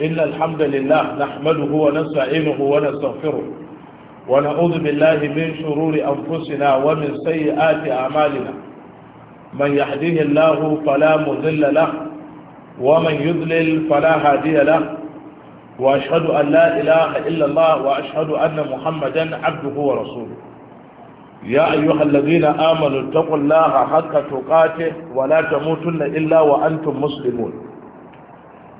إن الحمد لله نحمده ونستعينه ونستغفره ونعوذ بالله من شرور أنفسنا ومن سيئات أعمالنا من يهديه الله فلا مذل له ومن يذلل فلا هادي له وأشهد أن لا إله إلا الله وأشهد أن محمدا عبده ورسوله يا أيها الذين آمنوا اتقوا الله حق تقاته ولا تموتن إلا وأنتم مسلمون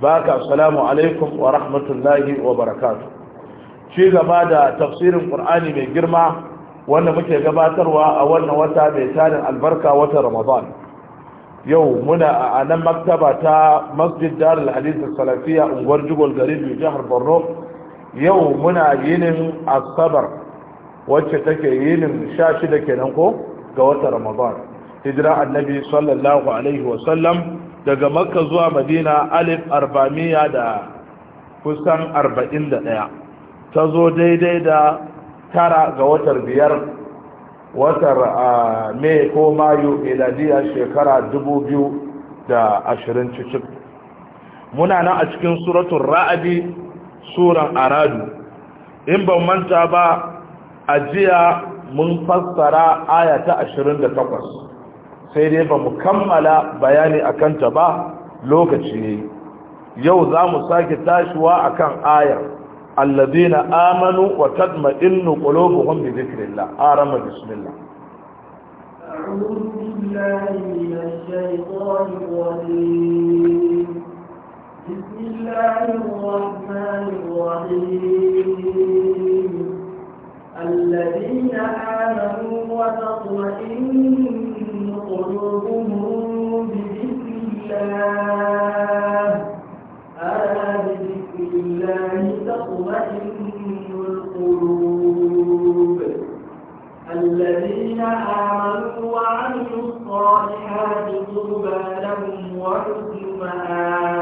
baka assalamu alaikum wa rahmatullahi wa barakatuh ci gaba da tafsirin qur'ani mai girma wanda muke gabatarwa a wannan wata mai tarin albarka wata ramadan yau muna a nan maktaba ta masjid darul hadith salafiya unguwar jugol garin jihar borno yau muna yinin asabar wacce take yinin sha shida kenan ko ga wata ramadan hijira annabi sallallahu alaihi daga makka zuwa madina alif arba'amiya da kusan arba'in da ɗaya ta zo daidai da tara ga watar biyar watar mai ko mayu iladiya shekara dubu biyu da ashirin cikin muna nan a cikin suratun ra'adi suran aradu in ban manta ba a jiya mun fassara aya ta ashirin da takwas sai dai ba mu kammala bayani a kanta ba lokaci ne yau za mu sake tashiwa a kan ayar allazina amanu wa tatma'innu qulubuhum bi dhikrillah arama a أعوذ بالله من الشيطان الرجيم بسم الله الرحمن الرحيم الذين آمنوا وتطمئن قلوبهم بذكر الله ألا بذكر الله تطمئن القلوب الذين آمنوا وعملوا الصالحات طوبى لهم وحسن مآب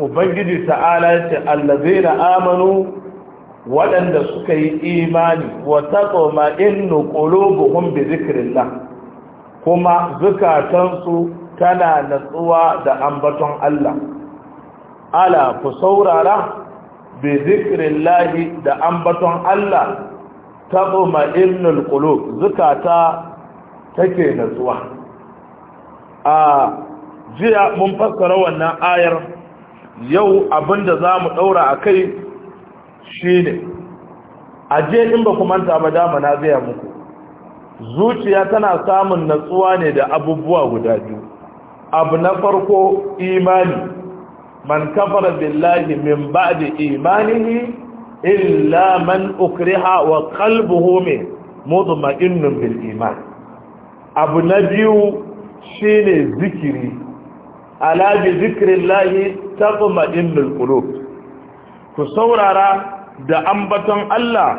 Ubangiji ta'ala ya ce, Allazi na amanu waɗanda suka yi imani, wata tsoma inu ƙulubuhun bi zikirin nan, kuma zukatansu tana natsuwa da ambaton Allah ala ku saurara bi zikrillahi da ambaton Allah taquma innul qulub zukata take natsuwa a jiya mun fassara wannan ayar yau abinda zamu daura akai shine aje in ba ku manta ba dama na gaya muku zuciya tana samun natsuwa ne da abubuwa guda biyu abu na farko imani man kafara billahi min ba'di imanihi illa man ukriha wa qalbuhu mutma'innun bil iman abu na biyu shine zikiri ala bi zikrillahi taqma'innul qulub ku saurara da ambaton Allah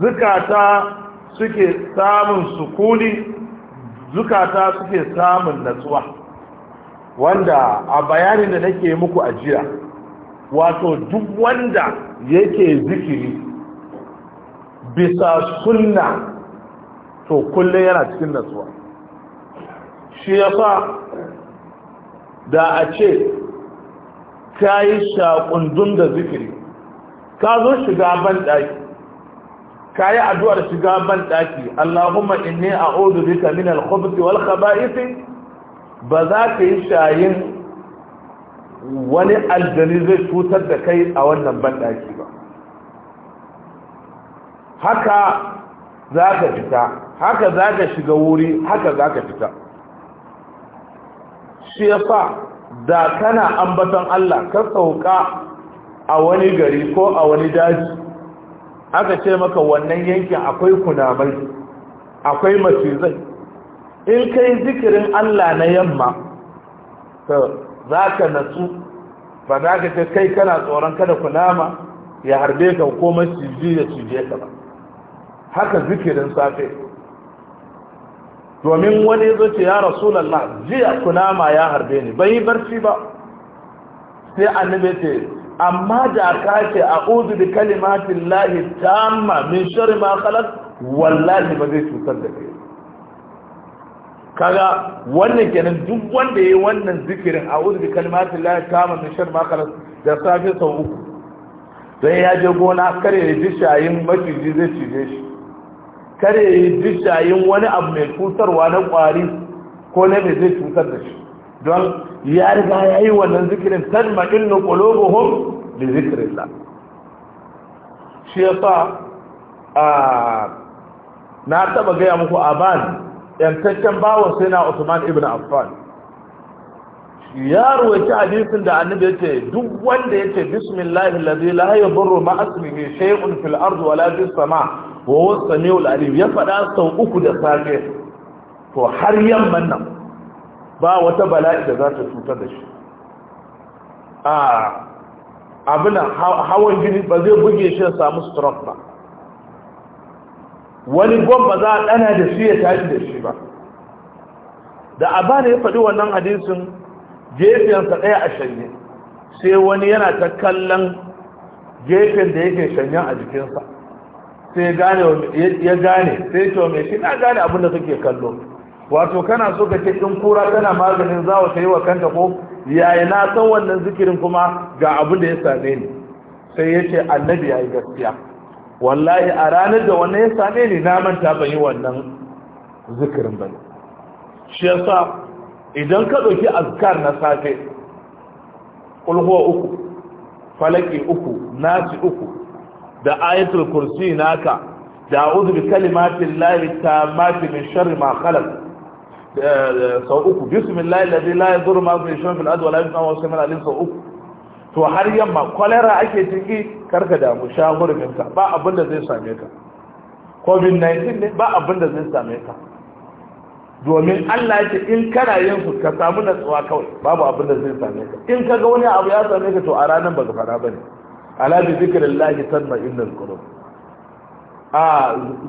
zukata suke samun sukuni zukata suke samun natsuwa wanda a bayanin da nake muku a jiya wato duk wanda yake zikiri bisa sunna to kullum yana cikin natsuwa shi yasa da a ce ta yi shakundun da zikiri ka zo shiga banɗaki. kayi addu'ar shiga ban daki Allahumma inni a'udhu bika min al-khubuthi wal khaba'ith ba za ka yi shayin wani aljani zai cutar da kai a wannan ban ba haka za ka fita haka za ka shiga wuri haka za ka fita shi yasa da kana ambaton Allah ka sauka a wani gari ko a wani daji aka ce maka wannan yankin akwai kunamai akwai macizai in kai zikirin Allah na yamma to za ka natsu ba za ka ce kai kana tsoron kada kunama ya harbe ka ko masuzi ya cije ka ba haka zikirin safe domin wani zo ce ya rasulallah jiya kunama ya harbe ni bai barci ba sai annabi ce amma da ka ce a uzu da kalimatin lahi tamma min shari ma khalaq wallahi ba zai cutar da kai kaga wannan kenan duk wanda ya yi wannan zikirin a uzu da kalimatin lahi tamma min shari ma da safe sau uku Zai ya je gona kare ya ji shayin maciji zai cije shi kare ya ji shayin wani abu mai cutarwa na kwari ko na mai zai cutar da shi don ya riga ya yi wannan zikirin tajma innu qulubuhum bi zikrillah shi yasa a na taɓa gaya muku aban yantaccen bawon sai na Usman ibn Affan ya ruwaci hadisin da annabi yace duk wanda yace bismillahi allazi la yadurru ma ismihi shay'un fil ardi wala fis sama wa huwa samiul alim ya fada sau uku da safe to har yamman nan ba wata bala'i da za ta cutar da shi a abin hawan jini ba zai buge shi samu stroke ba wani gwamba ba za a dana da shi ya tashi da shi ba da a ne ya faɗi wannan hadisin gefensa ɗaya a shanye sai wani yana ta kallon gefen da yake shanyen a jikinsa sai ya gane sai ce mai shi na gane abin da kake kallo wato kana so ka ce in kura kana maganin za ta yi wa kanta ko yaya na san wannan zikirin kuma ga abin da ya same ni sai ya ce annabi ya yi gaskiya wallahi a ranar da wannan ya same ni na manta ban yi wannan zikirin ba shi yasa idan ka ɗauki azkar na safe ƙulhuwa uku falaki uku nasi uku da ayatul kursi naka da a'udhu bi kalimatin lahi tammati min sharri ma khalaq Eh, sau uku bismillah ladhi la yadurru ma fi shay'in fil ardi wa la yusma wa sami'a sau uku to har yamma cholera ake ciki karka damu sha gurbin ka ba abin da zai same ka covid 19 ne ba abin da zai same ka domin Allah yake in kana yin su ka samu natsuwa kawai babu abin da zai same ka in ka ga wani abu ya same ka to a ranar ka fara bane ala bi zikrillahi tanma innal qulub a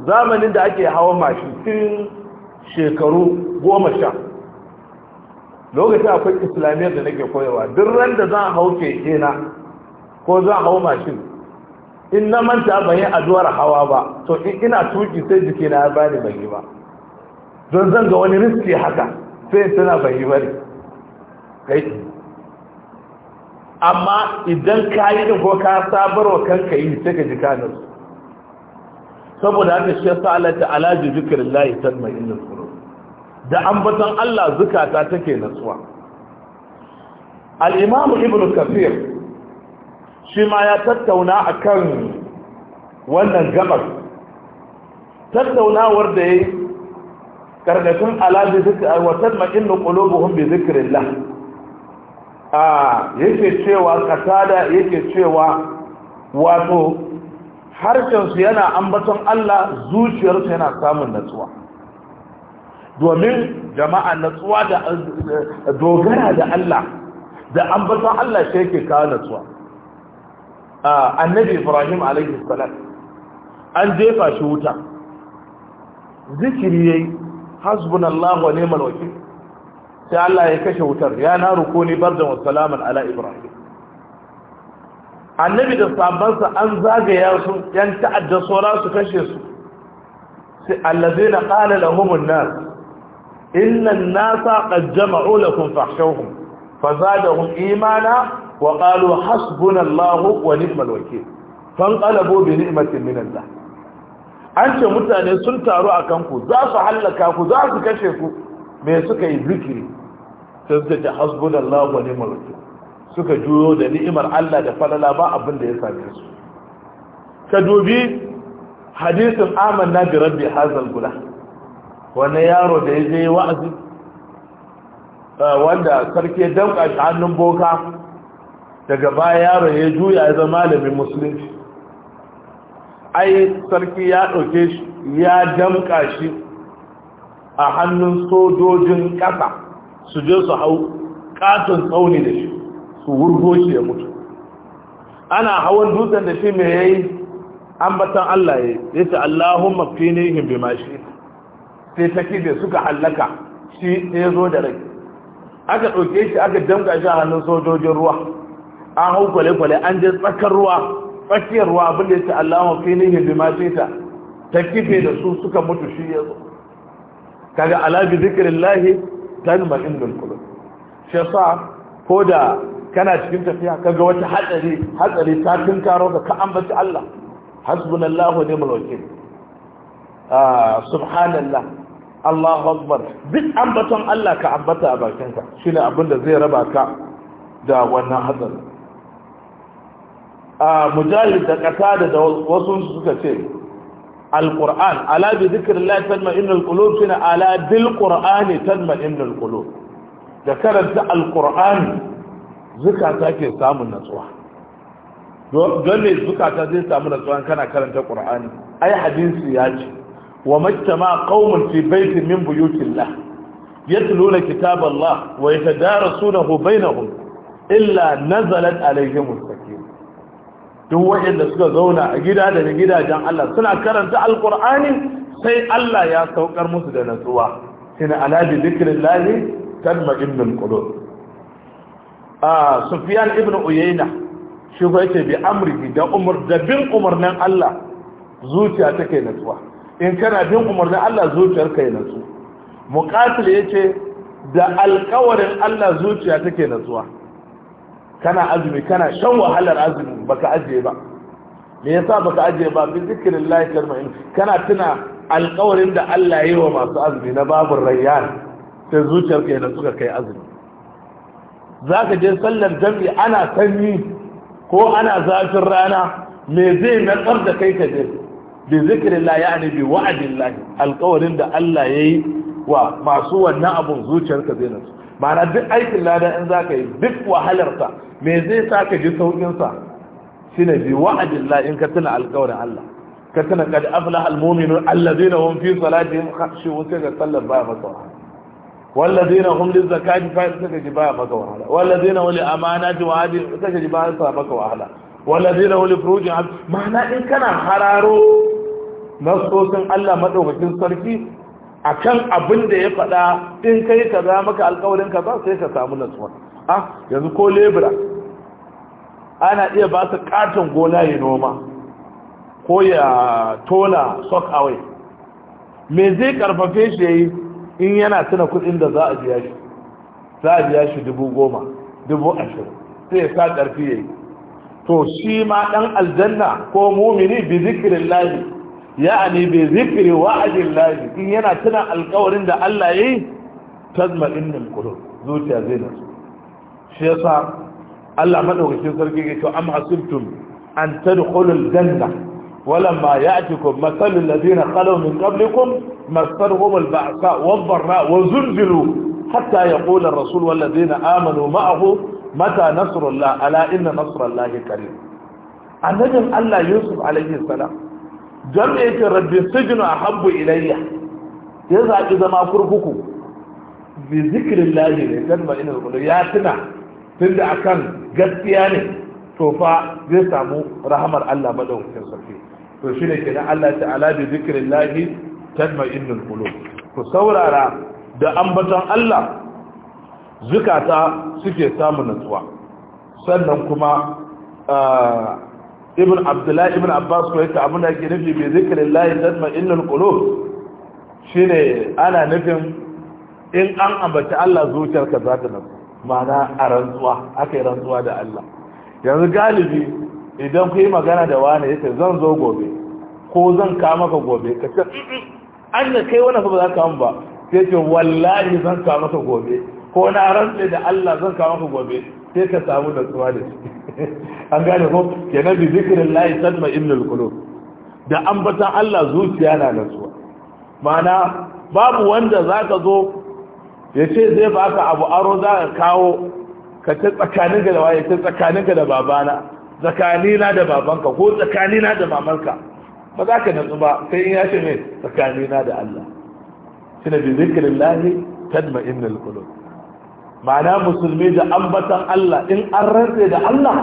zamanin da ake hawa mashi tun shekaru goma sha lokacin akwai islamiyyar da nake koyawa duk ran da za a hau keke na ko za a hau mashin in na manta ban yi addu'ar hawa ba to in ina tuki sai jiki na ba ni ban yi ba don zan ga wani riski haka sai tana ban yi ba ne kai amma idan ka yi ko ka sabarwa wa kanka yi sai ka ji kanin saboda haka shi yasa Allah ta ala bi zikrillahi tanma innal qulub da ambaton Allah zukata take natsuwa al-imam ibn kafir shi ma ya tattauna akan wannan gabar tattaunawar da yayi karkashin ala bi zikr wa tanma qulubuhum bi zikrillah a ah, yake cewa kasada yake cewa wato harshensu yana ambaton Allah zuciyarsu yana samun natsuwa domin jama'a natsuwa da dogara da Allah da ambaton Allah shi yake kawo natsuwa annabi Ibrahim alaihi salam an jefa shi wuta zikiri yayi hasbunallahu wa ni'mal wakil sai Allah ya kashe wutar ya naru ni bardan wa salaman ala Ibrahim annabi da sabansa an zagaya su yan ta'adda sora su kashe su sai na qala lahumun nas inna an-nasa qad fa za da fazadahum imana wa qalu hasbunallahu wa ni'mal wakeel fanqalabu bi ni'matin min an ce mutane sun taru a kanku za su hallaka ku za su kashe ku me suka yi zikiri sai suka ce hasbunallahu wa ni'mal suka juyo da ni'imar Allah da falala ba abin da ya same su ka dubi hadisin amanna bi rabbi hazal gula wani yaro da ya je wa'azi ah, wanda sarki ya danka shi hannun boka daga baya yaro ya juya ya zama malamin musulunci ai sarki ya ɗauke shi ya damka shi a hannun sojojin kasa su je su hau katon tsauni da shi su wurgo shi ya mutu ana hawan dutsen da shi mai yayi ambatan Allah ya yi ta Allahumma finihim bima shi sai take da suka hallaka shi sai zo da rai aka ɗauke shi aka damga shi a hannun sojojin ruwa an hau kwale-kwale an je tsakar ruwa tsakiyar ruwa abin da ya ce Allahumma finihim bima shi ta ta kife da su suka mutu shi ya zo kaga ala bi zikrillah tanma indul qulub shi sa ko da kana cikin tafiya ka ga wata hatsari hatsari ta tunkaro ka ka ambaci Allah hasbunallahu wa ni'mal wakil ah subhanallah Allahu akbar duk ambaton Allah ka ambata a bakinka shine abin da zai raba ka da wannan hatsari ah mujahid da kasada da wasu suka ce alquran ala bi dhikrillah tanma innal qulub shine ala bil qur'ani tanma innal qulub da karanta alqur'ani zukata ke samun natsuwa don ne zukata zai samu natsuwa kana karanta ƙur'ani. ai hadisi ya ce wa majtama qaumun fi baitin min buyutillah yatluna kitaballah wa yatadarasunahu bainahum illa nazalat alaihim sakin duk wanda suka zauna a gida da gidajen Allah suna karanta alqur'ani sai Allah ya saukar musu da natsuwa shine ala bi dhikrillahi tanma'innul qulub Sufiyan ibn Uyayna shi ko yace bi amri da umar da bin umarnin Allah zuciya take natsuwa in kana bin umarnin Allah zuciyar kai natsu muqatil yace da alƙawarin Allah zuciya take natsuwa kana azumi kana shan wahalar azumi baka ajiye ba me yasa baka ajiye ba bi zikrillahi karma'in kana tuna alƙawarin da Allah ya yi wa masu azumi na babur rayyan sai zuciyar kai natsuka kai azumi za ka je sallar jam'i ana sanyi ko ana zafin rana me zai natsar da kai ka je bi zikirin la ya ne bi wa'adin lahi alkawarin da Allah ya yi wa masu wannan abun zuciyarka zai nasu ma'ana duk aikin lada in za ka yi duk wahalarsa me zai sa ka ji sauƙinsa shi ne bi wa'adin lahi in ka tuna alkawarin Allah ka tuna kad aflaha almu'minun allazina hum fi salatihim khashu'un sai ga sallar baya masa wallazina hum lizakati fa'il suka ji baya maka wahala wallazina wali amanati wa adi suka maka wahala wallazina wali furuji ma'ana in kana hararo nasosin Allah madaukakin sarki akan abin da ya faɗa in kai kaza maka alƙawarin kaza sai ka samu nasuwa ah yanzu ko lebura ana iya basa su katon gona ya noma ko ya tona sok away me zai karfafe shi yayi in yana tuna kuɗin da za a biya shi za a biya shi dubu goma dubu ashirin sai ya sa ƙarfi ya yi to shi ma ɗan aljanna ko mumini bi zikirin lahi ya'ani bi zikiri wa'adin lahi in yana tuna alkawarin da Allah ya yi tazma innal qulub zuciya zai nasu shi yasa Allah madaukakin sarki ya ce am hasibtum an tadkhulul janna ولما يأتكم مثل الذين خلوا من قبلكم مثلهم البعثاء والضراء وزلزلوا حتى يقول الرسول والذين آمنوا معه متى نصر الله ألا إن نصر الله كريم annabin Allah Yusuf alaihi salam jam'iyyar rabbi sijnu ahabbu ilayya ya zaɓi zama kurkuku bi zikrillahi ne kan ba ina kullu ya tuna tunda akan gaskiya ne to fa zai samu rahamar Allah madaukakin to shi ne kenan Allah ta'ala bi zikrillahi tatma'innul qulub ku saurara da ambaton Allah zukata suke samun nutsuwa sannan kuma ah, ibn abdullahi ibn abbas ko yake abin da yake nufi bi zikrillahi tatma'innul qulub shine ana nufin in an ambaci Allah zuciyarka za ta nutsu ma'ana a rantsuwa aka yi rantsuwa da Allah yanzu galibi idan ku yi magana da wani ya ce zan zo gobe ko zan kawo maka gobe ka ce an da kai wani ba za ka ba sai ce wallahi zan kawo maka gobe ko na rantse da Allah zan kawo maka gobe sai ka samu da tsuwa da shi an gane ko na bi zikirin layi sadma innul qulub da ambatan Allah zuciya na nasuwa mana babu wanda zaka zo ya ce zai baka abu aro za ka kawo ka tsakaninka da waye ta tsakaninka da babana tsakanina da babanka ko tsakanina da mamarka ba za ka nutsu ba sai in ya ce tsakanina da Allah shi ne bi zikirin lahi tadma innal qulub ma'ana musulmi da ambatan Allah in an rantse da Allah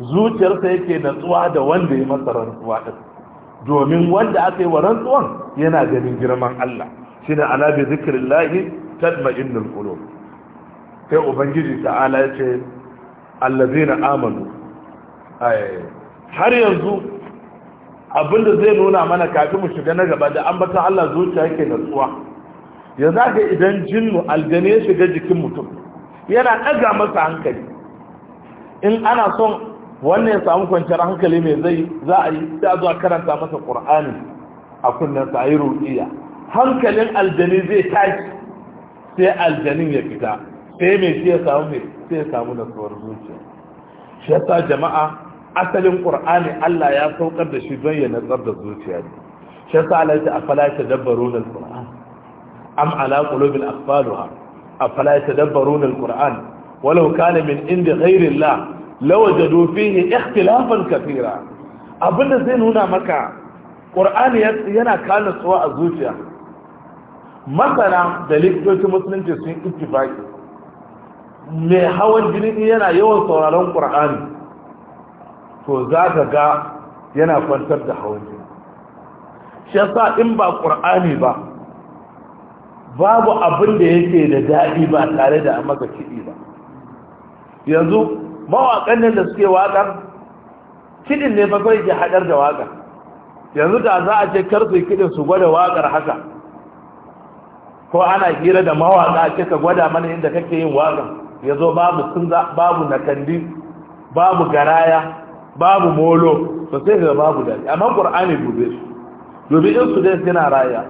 zuciyarsa yake natsuwa da wanda ya masa rantsuwa din domin wanda aka yi wa rantsuwan yana ganin girman Allah shi ne ala bi zikirin lahi tadma innal qulub sai ubangiji ta'ala ya ce allazina amanu har yanzu abinda zai nuna mana kafin mu shiga na gaba da ambatan Allah zuciya yake tsuwa ya za idan jinnu aljani ya shiga jikin mutum yana ɗaga masa hankali in ana son wannan ya samu kwanciyar hankali mai zai za a yi za zuwa karanta masa ƙur'ani a kunnan sa yi ruɗiya hankalin aljani zai tashi sai aljanin ya fita sai mai sai ya samu mai sai ya samu tsuwar zuciya shi yasa jama'a asalin qur'ani Allah ya saukar da shi don ya natsar da zuciya ne shi yasa Allah ya ce afala tadabbaruna alquran am ala qulubin aqfaluha afala tadabbaruna alquran walau kana min indi ghairi lawajadu fihi ikhtilafan katira abinda zai nuna maka qur'ani yana kana tsuwa a zuciya masana da likitocin musulunci sun ittifaki mai hawan jini yana yawan sauraron qur'ani to za ka ga yana kwantar da hawan jini shi sa in ba ƙur'ani ba babu abin da yake da daɗi ba tare da an maka kiɗi ba yanzu mawaƙan nan da suke waƙar kiɗin ne bakwai ke haɗar da waƙar yanzu da za a ce karfe kiɗin su gwada waƙar haka ko ana hira da mawaƙa ke ka gwada mana inda kake yin waƙar ya zo babu sunza babu nakandi babu garaya babu molo to sai ga babu dadi amma qur'ani dube su dubi in su dai yana raya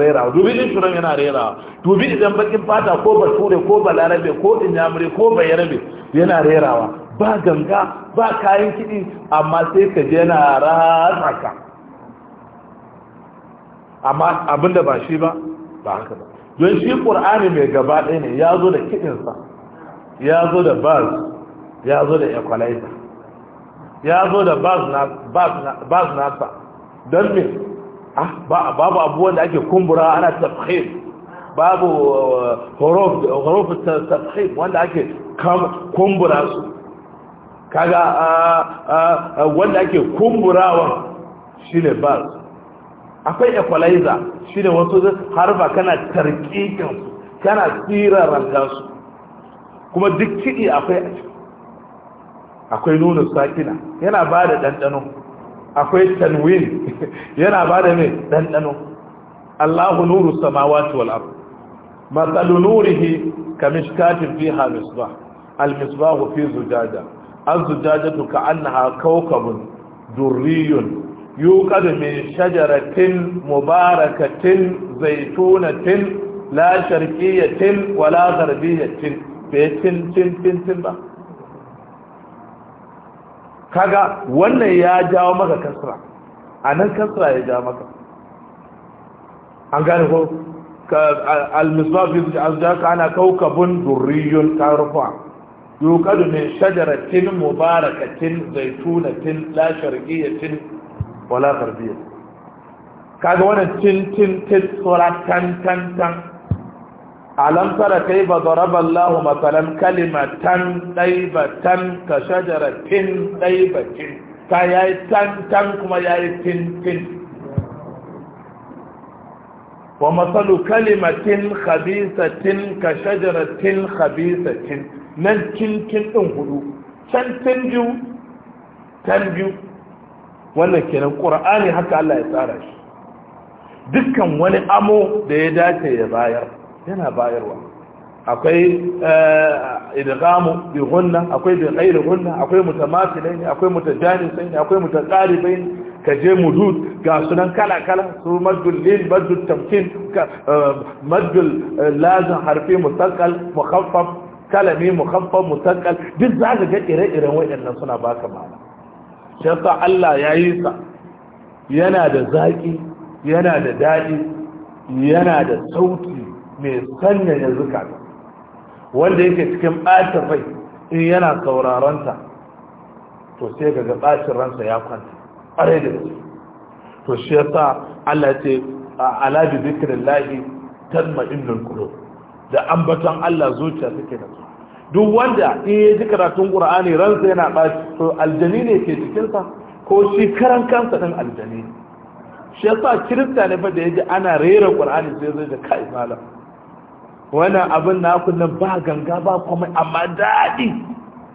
rera dubi in shuran yana rera dubi idan bakin fata ko bature ko balarabe ko inyamure ko bayarabe yana rerawa ba ganga ba kayan kidi amma sai ka je yana raraka amma abinda ba shi ba ba haka ba don shi qur'ani mai gaba ɗaya ne ya zo da kidinsa ya zo da bars ya zo da equalizer ya zo da bas nasa don me ah, babu abu da ake kumbura ana tafhir babu horof uh, tafhir wanda ake kumbura su kaga uh, uh, wanda ake kumburawa shi ne bas akwai equalizer shi ne wasu harba kana tarkikinsu kana tsira tsirarantarsu kuma duk kiɗi akwai a cikin. akwai nunu sakina yana ba da ɗanɗano akwai tanwin yana ba da mai ɗanɗano allahu nuru samawati wal ard matsalu nurihi kamishkatin fiha misbah al misbahu fi zujaja az zujajatu ka'annaha kawkabun durriyun يوقد من شجرة مباركة زيتونة لا شرقية ولا غربية بيتن tin tin tin ba. kaga wannan ya jawo maka kasra a nan kasra ya jawo maka an gane ko al-misbah fi azjaka ana kaukabun durriyun tarfa yuqadu min shajaratin mubarakatin zaitunatin la sharqiyatin wala gharbiyatin kaga wannan tin tin tin sura tan tan tan alam tara kaifa daraba Allah masalan kalimatan daibatan ka shajaratin daibatin ta yayi tan tan kuma yayi tin tin wa masalu kalimatin khabisatin ka shajaratin khabisatin nan tin tin din hudu can tin biyu tan biyu wannan kenan qur'ani haka Allah ya tsara shi dukkan wani amo da ya dace ya bayar yana bayarwa akwai eh, idgamu bi gunna akwai bi ghairi gunna akwai mutamathilai akwai mutajanisai abai mutaqaribai ka je mudud ga sunan kala kala su madul lil madul tamkin eh, madul eh, lazim harfi mustaqal mukhaffaf kalami mukhaffaf mustaqal duk zaka ga ire-iren wayannan suna baka ma'ana sai yasa Allah yayi sa yana da zaki yana da dadi yana da sauti mai yanzu zukata wanda yake cikin ɓata rai in yana ta to sai ga ɓacin ransa ya kwanta ƙwarai da su. to shi ya sa Allah ce ala bi zikrillahi tatma'innul kuro da ambaton Allah zuciya suke da su duk wanda in yi ji karatun ƙura'ani ransa yana ɓaci to aljani ne ke cikinsa ko shi karan kansa ɗin aljani shi ya sa kirista ne fa da ya ji ana rera ƙura'ani sai zai da kai malam wannan abin na nan ba ganga ba kuma amma daɗi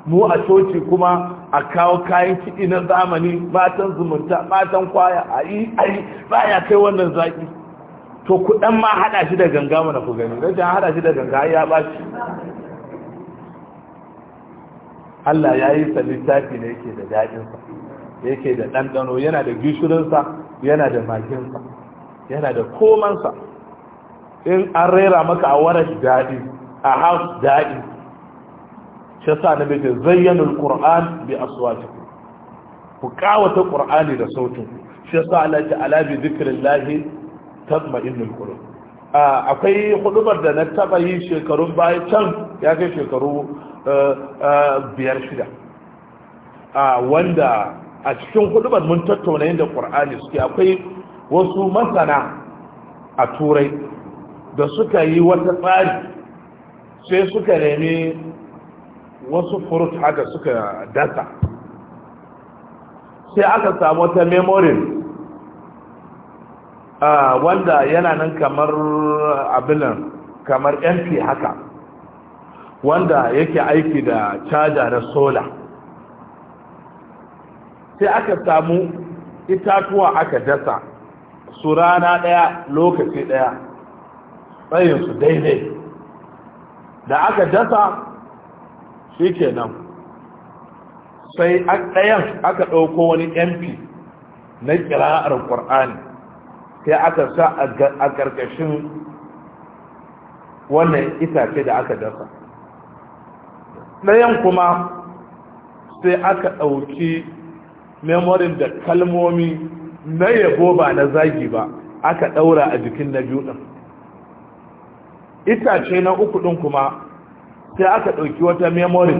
mu a coci kuma a kawo kayan kiɗi na zamani matan zumunta matan kwaya a yi ayi ba ya kai wannan zaƙi to kuɗan ma haɗa shi da ganga mana ku gani rashin haɗa shi da ganga ya shi. Allah ya yi sa littafi da yake da daɗinsa yake da ɗanɗano yana da gishirinsa yana da maginsa yana da komansa in an rera maka a waras daɗi a haus daɗi shi sa na bece zayyanul qur'an bi aswati ku kawata qur'ani da sautin shi sa Allah ta ala bi zikrillah tatma'innul qulub akwai hudubar da na taba yi shekarun baya can ya kai shekaru eh, eh, biyar shida wanda a cikin hudubar mun tattauna da qur'ani suke akwai wasu masana a turai da suka yi wata tsari sai suka nemi wasu furut haka suka dasa sai aka samu wata memorin wanda yana nan kamar abinan kamar mp haka wanda yake aiki da caja na sola sai aka samu itatuwa aka dasa su rana daya lokaci daya tsayinsu daidai da aka dasa shi ke nan sai ɗayan aka ɗauko wani mp na kira'ar ƙwar'ani sai aka sa a ƙarƙashin wannan itace da aka dasa ɗayan kuma sai aka ɗauki memorin da kalmomi na yabo ba na zagi ba aka ɗaura a jikin na biyu ɗin itace na uku ɗin kuma sai aka ɗauki wata memory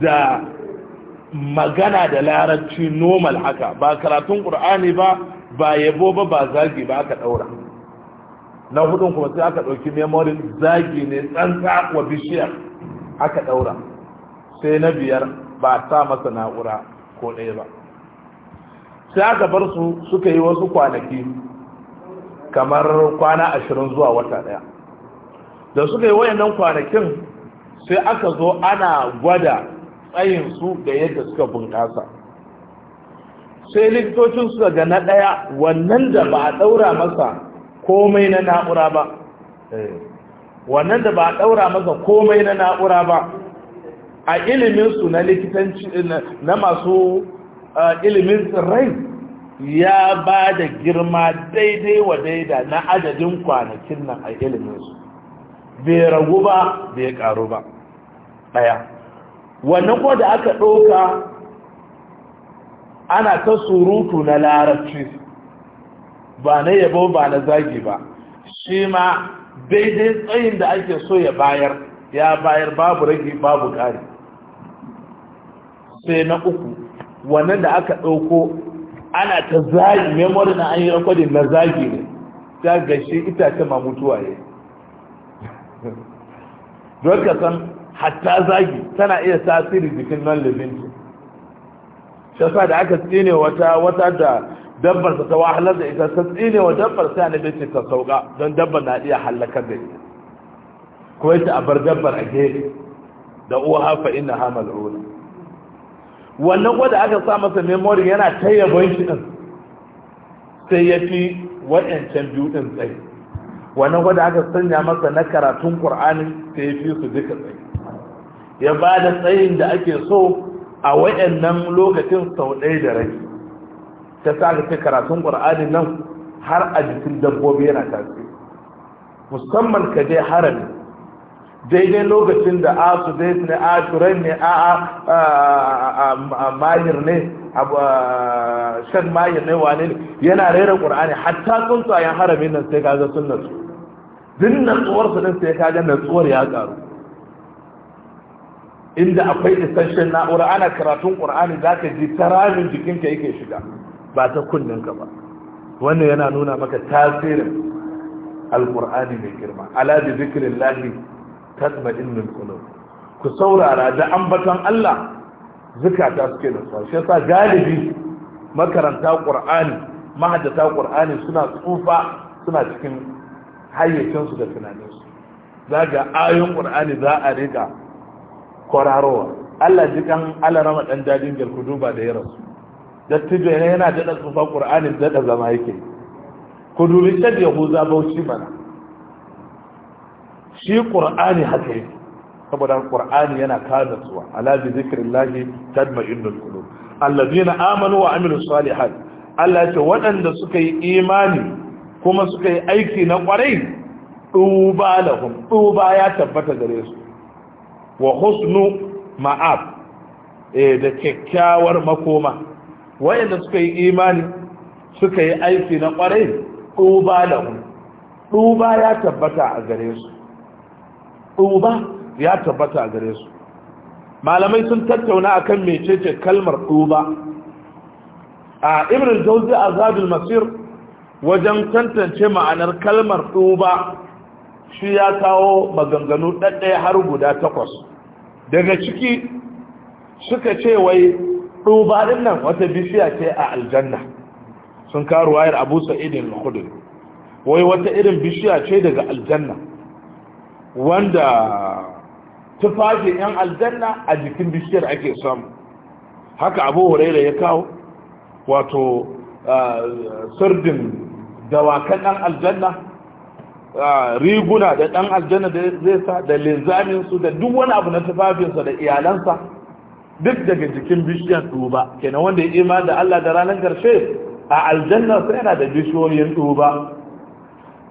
da magana da larabci normal haka ba karatun ƙur'ani ba ba yabo ba ba zagi ba aka ɗaura na hudun kuma sai aka ɗauki memory zagi ne tsantsa wa bishiyar aka ɗaura sai na biyar ba sa masa na'ura ko ɗaya ba sai aka bar su suka yi wasu kwanaki kamar kwana ashirin zuwa wata daya da suka yi wayannan kwanakin sai aka zo ana gwada tsayinsu da yadda suka bunƙasa sai likitocin suka ga na ɗaya wannan da ba a ɗaura masa komai na na'ura ba eh, wannan da ba a ɗaura masa komai na na'ura ba a iliminsu na likitanci na masu eh, ilimin tsirrai ya ba da girma daidai wa daida na adadin kwanakin nan a iliminsu bai ragu ba bai karu ba ɗaya wannan ko da aka ɗauka ana ta surutu na larabci ba na yabo ba na zagi ba shi ma daidai tsayin da ake so ya bayar ya bayar babu ragi, babu ƙari sai na uku wannan da aka ɗauko ana ta zagi memory na an yi rakodin na zagi ne ta gashi itace ma mutuwa ne don ka san hatta zagi tana iya tasiri jikin nan livinci shi yasa da aka tsine wata wata da dabbar ta wahalar da ita ta tsine wa dabbar sai da ce ta sauka don dabbar na iya halakar da ita ko ita a bar dabbar a gefe da uwa hafa ina ha wannan wanda aka sa masa memory yana taya shi din sai ya fi wa'ancan biyu din tsaye wannan wanda aka sanya masa na karatun qur'ani sai ya fi su duka tsaye ya ba da tsayin da ake so a waɗannan lokacin sau ɗaya da rai ta sa ga karatun qur'ani nan har a jikin dabbobi yana tasiri musamman ka je harami daidai lokacin da su zai ne a turai ne a mayir ne shan mayir ne wane ne yana rera ƙur'ani hatta 'yan haramin nan sai kaga sun natsu din natsuwar su din sai kaga natsuwar ya karu inda akwai isasshen na'ura ana karatun ƙur'ani za ka ji ta ramin jikinka yake shiga ba ta kunninka ba wannan yana nuna maka tasirin alƙur'ani mai girma ala bi zikrillahi tatma'innul qulub ku saurara da ambaton Allah zukata suke da shi yasa galibi makaranta qur'ani mahaddata qur'ani suna tsufa suna cikin hayyacinsu da tunaninsu za ga ayoyin qur'ani za a riga kwararowa Allah jikan alarama dan dadin garkudu ba da ya rasu dattijo yana da tsufa qur'ani da zama yake ku dubi shad yahuza bauchi mana shi qur'ani haka yake saboda qur'ani yana kada zuwa ala bi zikrillahi tadma'innul qulub allazina amanu wa amilus salihat Allah ce waɗanda suka yi imani kuma suka yi aiki na ƙwarai duba lahum duba ya tabbata gare su wa husnu ma'ab eh, da kyakkyawar makoma wayanda suka yi imani suka yi aiki na kwarai duba lahum duba ya tabbata a gare su ɗuba ya tabbata a gare su malamai sun tattauna a akan mecece kalmar ɗuba a ibrin jauzi a zadul masir wajen tantance ma'anar kalmar ɗuba shi ya kawo maganganu ɗaɗɗaya har guda takwas daga ciki suka ce wai ɗuba ɗin nan wata bishiya ce a aljanna sun karuwa wayar abu sa'idin hudu wai wata irin bishiya ce daga aljanna wanda tufafin yan aljanna a jikin bishiyar ake samu haka abu huraira ya kawo wato sirdin dawakan ɗan aljanna riguna da ɗan aljanna da zai sa da linzaminsu da duk wani abu na tufafinsa da iyalansa duk daga jikin bishiyar duba kenan wanda ya ima da Allah da ranar karshe a aljanna sai yana da bishiyoyin duba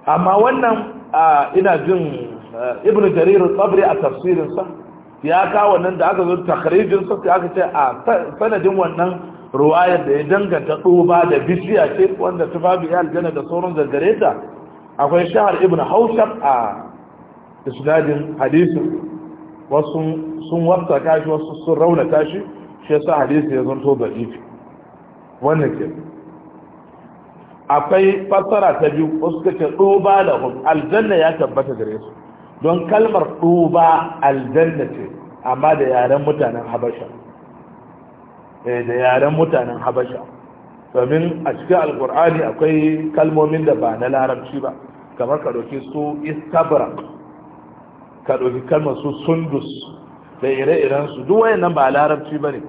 amma wannan ina jin ibn jarir sabri a tafsirinsa ya kawo wannan da aka zo takrijin sa aka ce a sanadin wannan ruwayar da ya danganta tsoba da bishiya ce wanda tufafi ya aljanna da sauran zaggare ta akwai shahar ibn haushab a isnadin hadisin wasu sun wafta kashi wasu sun raunata shi shi yasa hadisi ya zanto da ifi wannan ke akwai fassara ta biyu wasu kace tsoba da hum aljanna ya tabbata gare su don kalmar ɗuba aljanna ce amma da yaren mutanen habasha eh, da yaren mutanen habasha domin a cikin alkur'ani akwai kalmomin da ba na larabci ba kamar ka ɗauki su istabra ka ɗauki kalmar su sundus da ire-iren su duk wayannan ba larabci ba ne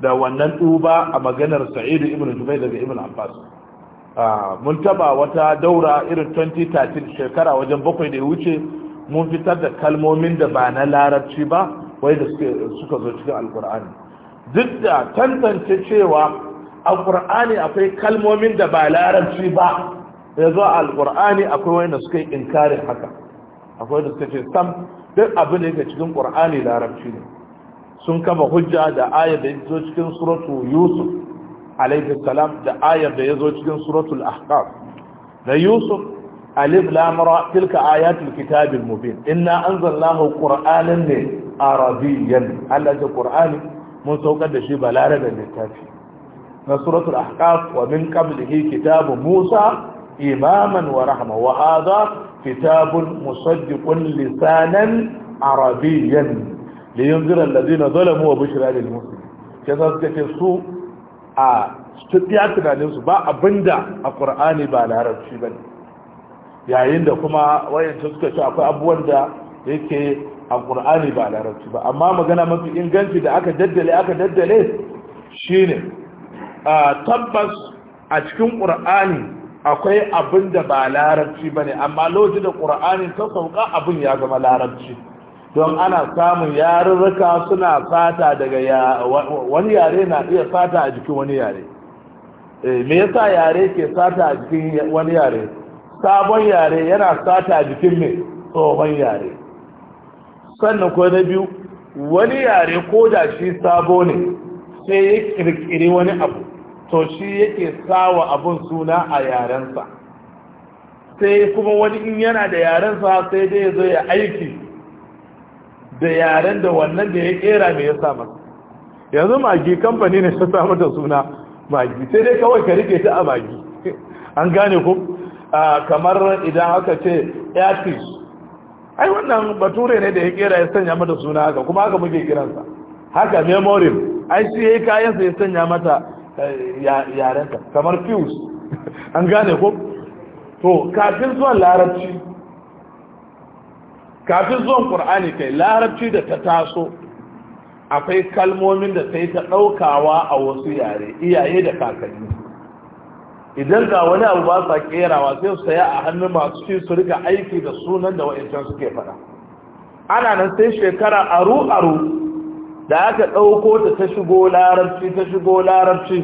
da wannan ɗuba a maganar sa'idu ibn jubai daga ibn abbas ah, mun taba wata daura irin 2013 shekara wajen bakwai da ya wuce mun fitar da kalmomin da ba na larabci ba wai da suka zo cikin alkur'ani duk da tantance cewa alkur'ani akwai kalmomin da ba larabci ba ya zo alkur'ani akwai wanda suka yi inkarin haka akwai da suka ce sam duk abin da yake cikin qur'ani larabci ne sun kama hujja da ayar da ya zo cikin suratu yusuf alaihi salam da ayar da ya zo cikin suratul ahqaf da yusuf alif lamra tilka ayatul kitabil mubin inna anzalnahu qur'anan ne arabiyyan Allah ya qur'ani mun saukar da shi balarabe littafi na suratul ahqaf wa min qablihi kitabu musa imaman wa rahma wa hadha kitabun musaddiqun lisanan arabiyyan liyunzira alladhina zalamu wa bushra lil muslimin kaza suka ce su a tafiya tunaninsu ba abinda a qur'ani ba larabci bane yayin da kuma wayanta suka ce akwai abubuwan da yake a ƙur'ani ba larabci ba amma magana mafi inganci da aka daddale aka daddale shine tabbas a cikin ƙur'ani akwai abin da ba larabci ba ne amma lokacin da ƙur'ani ta sauka abin ya zama larabci don ana samun yarurruka suna fata daga ya wani yare na iya fata a jikin wani yare eh, me yasa yare ke fata a jikin wani yare sabon yare yana sata jikin mai tsohon yare sannan ko na biyu wani yare ko da shi sabo ne sai ya kirkiri wani abu to shi yake sawa abun suna a yarensa sai kuma wani in yana da yarensa sai dai zo ya aiki da yaren da wannan da ya kera mai ya sama yanzu magi kamfani ne ta samar da suna magi sai dai kawai ka rike ta a magi an gane ku kamar idan aka ce airfish ai wannan bature ne da ya kera ya sanya mata suna haka kuma haka muke kiransa haka memorial ai shi ya yi kayansa ya sanya mata eh, yarenta kamar fuse an gane ko to kafin zuwan larabci kafin zuwan ƙur'ani kai larabci da ta taso akwai kalmomin da sai ta ɗaukawa a wasu yare iyaye da kakanni idan ga wani abu ba sa kerawa sai su saya a hannun masu ci su rika aiki da sunan da wa'incan suke fada ana nan sai shekara aru aru da aka ɗauko ta ta shigo larabci ta shigo larabci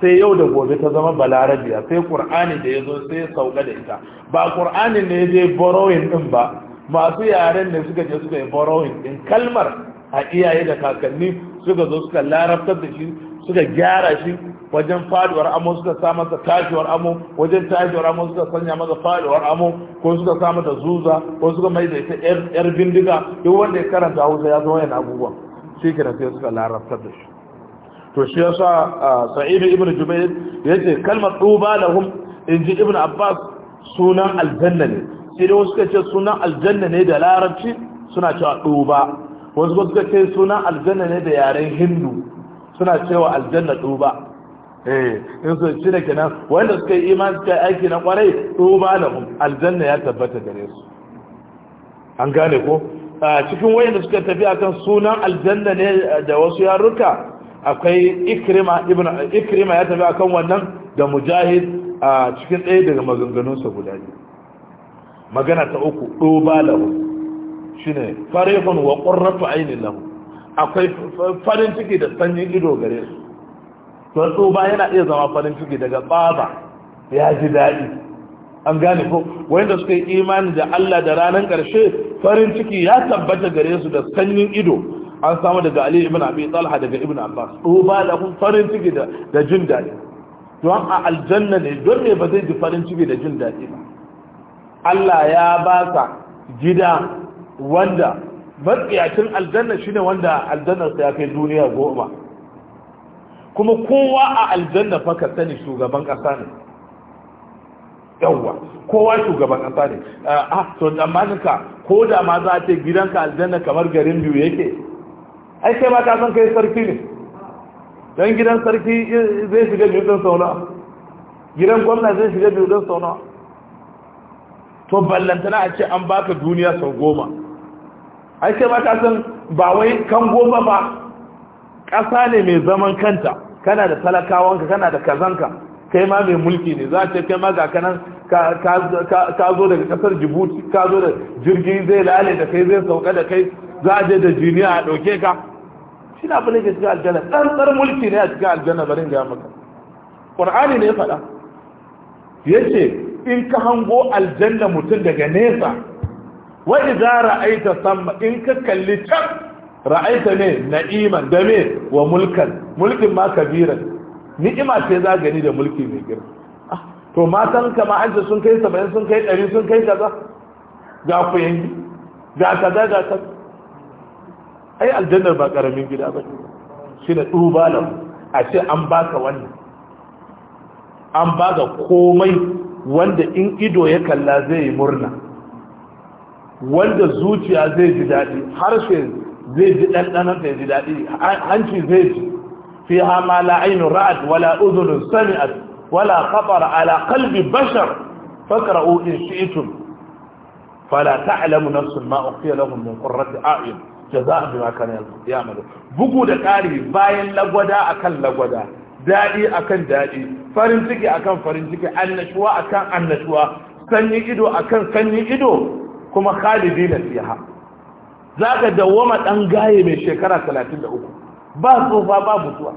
sai yau da gobe ta zama balarabiya sai ƙur'ani da ya zo sai ya sauka da ita ba ƙur'ani ne ya je borrowing ɗin ba masu yaren ne suka je suka yi borrowing ɗin kalmar a iyaye da kakanni suka zo suka larabtar da shi suka gyara shi wajen faduwar amo suka sa masa tashiwar amo wajen tashiwar amo suka sanya masa faduwar amo ko suka sa masa zuza ko suka mai da ita yar bindiga duk wanda ya karanta hausa ya zama yana abubuwa shi kira sai suka larabtar da shi to shi yasa sa'idu ibn jubair yace kalmar duba lahum inji ibn abbas sunan aljanna ne sai dai suka ce sunan aljanna ne da larabci suna cewa duba wasu suka ce sunan aljanna ne da yaren hindu suna cewa aljanna duba Eh, in so shi da kenan wanda suka yi imani suka aiki na kwarai tuba hum aljanna ya tabbata gare su an gane ko a cikin wayanda suka tafi akan sunan aljanna ne da wasu yaruka akwai ikrima ibn ikrima ya tafi akan wannan da mujahid a cikin ɗaya daga maganganun sa guda biyu magana ta uku tuba hum shine farihun wa qurratu ainin lahu akwai farin ciki da sanyin ido gare su to tsoba yana iya zama farin ciki daga tsaba ya ji daɗi an gane ko wanda suka yi imani da Allah da ranar ƙarshe farin ciki ya tabbata gare su da sanyin ido an samu daga Ali ibn Abi Talha daga Ibn Abbas ba da kun farin ciki da jin daɗi don a aljanna ne don me ba zai ji farin ciki da jin daɗi ba Allah ya ba ka gida wanda matsiyacin aljanna shine wanda aljannar sa ya kai duniya goma kuma kowa a aljanna fa ka sani shugaban kasa ne yawwa kowa shugaban kasa ne a ah, ah, to tsammanin ka ko da ma za ta gidanka aljanna kamar garin biyu yake ai sai ma ka san kai sarki ne don gidan sarki eh, eh, zai shiga biyu don sauna gidan gwamna zai shiga biyu don sauna to ballantana a ce an baka duniya sau goma ai sai ma ka san ba wai kan goma ba ƙasa ne mai zaman kanta kana da talakawanka kana da kazanka kai ma mai mulki ne za a ce kai ma ga kanan ka zo daga kasar jibuti ka zo da jirgi zai lale da kai zai sauka da kai za a je da jiniya a ɗauke ka shi na bane da ke cikin aljanna ɗanɗar mulki ne a cikin aljanna barin ga maka ƙur'ani ne ya faɗa ya ce in ka hango aljanna mutum daga nesa wa zara aita samma in ka kalli can ra'aita ne Na'ima da me wa mulkan mulkin ma kabiran ni'ima ce za gani da mulki mai girma ah, to matan kama an sun kai saba'in sun kai ɗari sun kai kaza ga ku yanki ga kaza ga ta ai aljannar ba karamin gida ba shi da duba a ce an baka wannan an baka komai wanda in ido ya kalla zai yi murna wanda zuciya zai ji daɗi harshe zai ji ɗanɗanon ta ji daɗi hanci zai ji fi ha ma la ra'at wala udhun sami'at wala khatar ala qalbi bashar fakra'u in shi'tum fala na sun ma ukhfiya lahum min qurrati a'yun jazaa'an bima ya ya'malu bugu da ƙari bayan lagwada akan lagwada daɗi akan daɗi farin ciki akan farin ciki annashuwa akan annashuwa sanyi ido akan sanyi ido kuma khalidina fiha za ka dawoma ɗan gaye mai shekara 33 ba tsofa ba mutuwa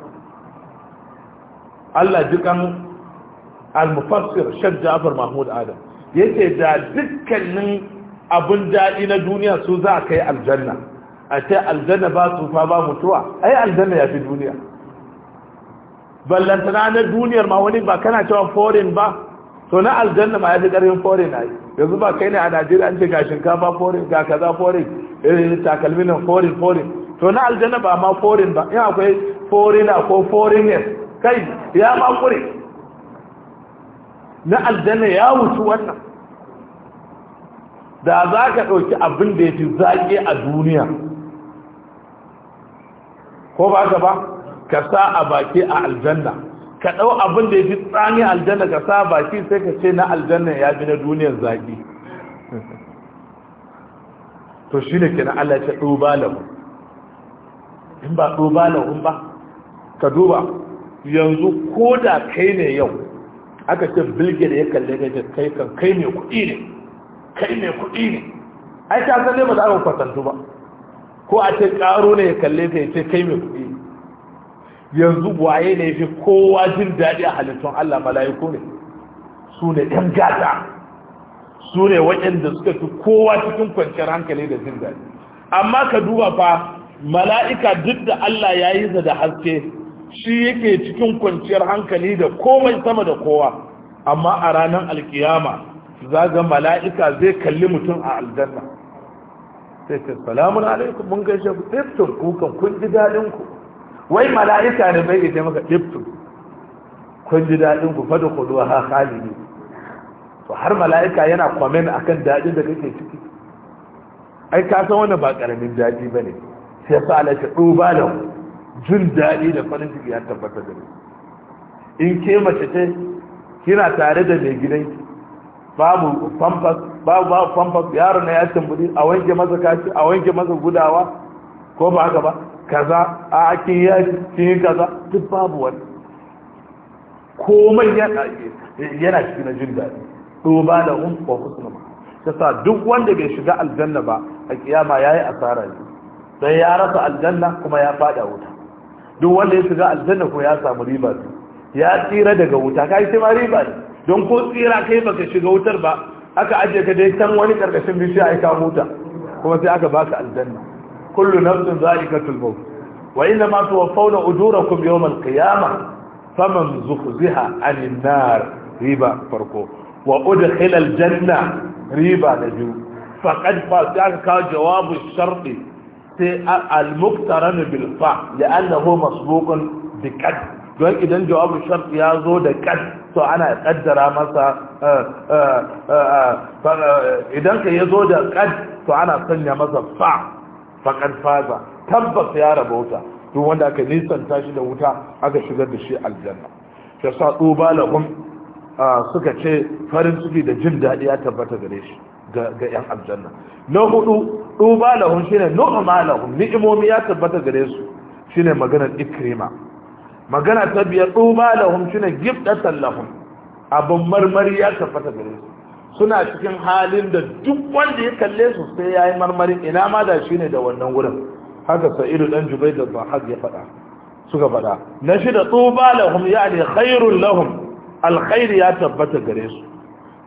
Allah jikan al-mufassir shan Ja'far Mahmud Adam yace da dukkanin abun daɗi na duniya su za a kai aljanna a ce aljanna ba tsufa ba mutuwa ai aljanna ya fi duniya ballantana na duniyar ma wani ba kana cewa foreign ba to na aljanna ma ya fi ƙarfin foreign yi yanzu ba kai ne a najeriya an ce ga shinkafa foreign ga kaza foreign irin eh, takalmin nan foreign foreign to na aljanna ba ma foreign ba in akwai foreigner ko foreigner kai ya ma kure na aljanna ya wuce wannan da za ka ɗauki abin da ya fi zaƙe a duniya ko ba ka ba ka sa a baki a aljanna ka ɗau abin da ya fi tsani aljanna ka sa baki sai ka ce na aljanna ya fi na duniyar zaƙi to shi ne kenan Allah ya ce duba lahu in ba duba lahu ba ka duba yanzu ko da kai ne yau aka ce bilge da ya kalle ga kai kan kai ne kuɗi ne kai ne kuɗi ne ai ta san ba za ka kwatantu ba ko a ce karo ne ya kalle ta ya ce kai ne kuɗi yanzu waye ne fi kowa jin daɗi a halittun Allah mala'iku ne su ne ɗan gata su ne waɗanda suka fi kowa cikin kwanciyar hankali da jin daɗi amma ka duba fa mala'ika duk da Allah ya yi da haske shi yake cikin kwanciyar hankali da komai sama da kowa amma a ranar alkiyama za ga mala'ika zai kalli mutum a aljanna sai ce salamu alaikum mun gaishe ku tsiftun kukan kun ji daɗin ku wai mala'ika ne bai ita maka tsiftun kun ji daɗin ku fa da kuduwa ha khalidi to har mala'ika yana kwamen akan daɗin da kake ciki ai ka san wannan ba karamin ba bane sai sa Allah ta duba da jin daɗi da farin ciki ya tabbata da in ke mace ce kina tare da mai gidanki babu pampas babu babu pampas yaro na ya tambudi a wanke masa kashi a wanke masa gudawa ko ba haka ba kaza a kin ya kin kaza duk babu wani komai yana cikin jin daɗi duba lahum wa ta sa duk wanda bai shiga aljanna ba a kiyama yayi asara ne sai ya rasa aljanna kuma ya fada wuta duk wanda ya shiga aljanna ko ya samu riba ne ya tsira daga wuta kai sai ma riba ne don ko tsira kai baka shiga wutar ba aka aje ka dai can wani karkashin bishiya ai ka huta kuma sai aka baka aljanna kullu nafsin zalikatul maut wa inna ma tuwaffawna ujurakum yawm al-qiyamah faman zukhziha 'anil nar riba farko wa udkhila aljanna riba da biyu faqad fa ta aka kawo jawabu sharti sai al-muqtaran bil fa li'annahu masbuqun bi qad don idan jawabu sharti ya zo da qad to ana kaddara masa eh, eh, eh, idan ka zo da qad to ana sanya masa fa faqad faza tabbas ya rabota duk wanda aka nisanta shi da wuta aka shigar da shi aljanna ya sa tsuba lahum suka ce farin ciki da jin daɗi ya tabbata gare shi ga 'yan aljanna na hudu duba lahun shi ne nu'uma lahun ni'imomi ya tabbata gare su shi ne maganar ikrima magana ta biyar duba lahun shi ne gifdatan lahun abin marmari ya tabbata gare su suna cikin halin da duk wanda ya kalle su sai ya yi marmarin ina ma da shi ne da wannan wurin haka sa'idu dan jubai da zahar ya faɗa suka faɗa na shida tsuba lahum ya ne khairun lahum alkhairi ya tabbata gare su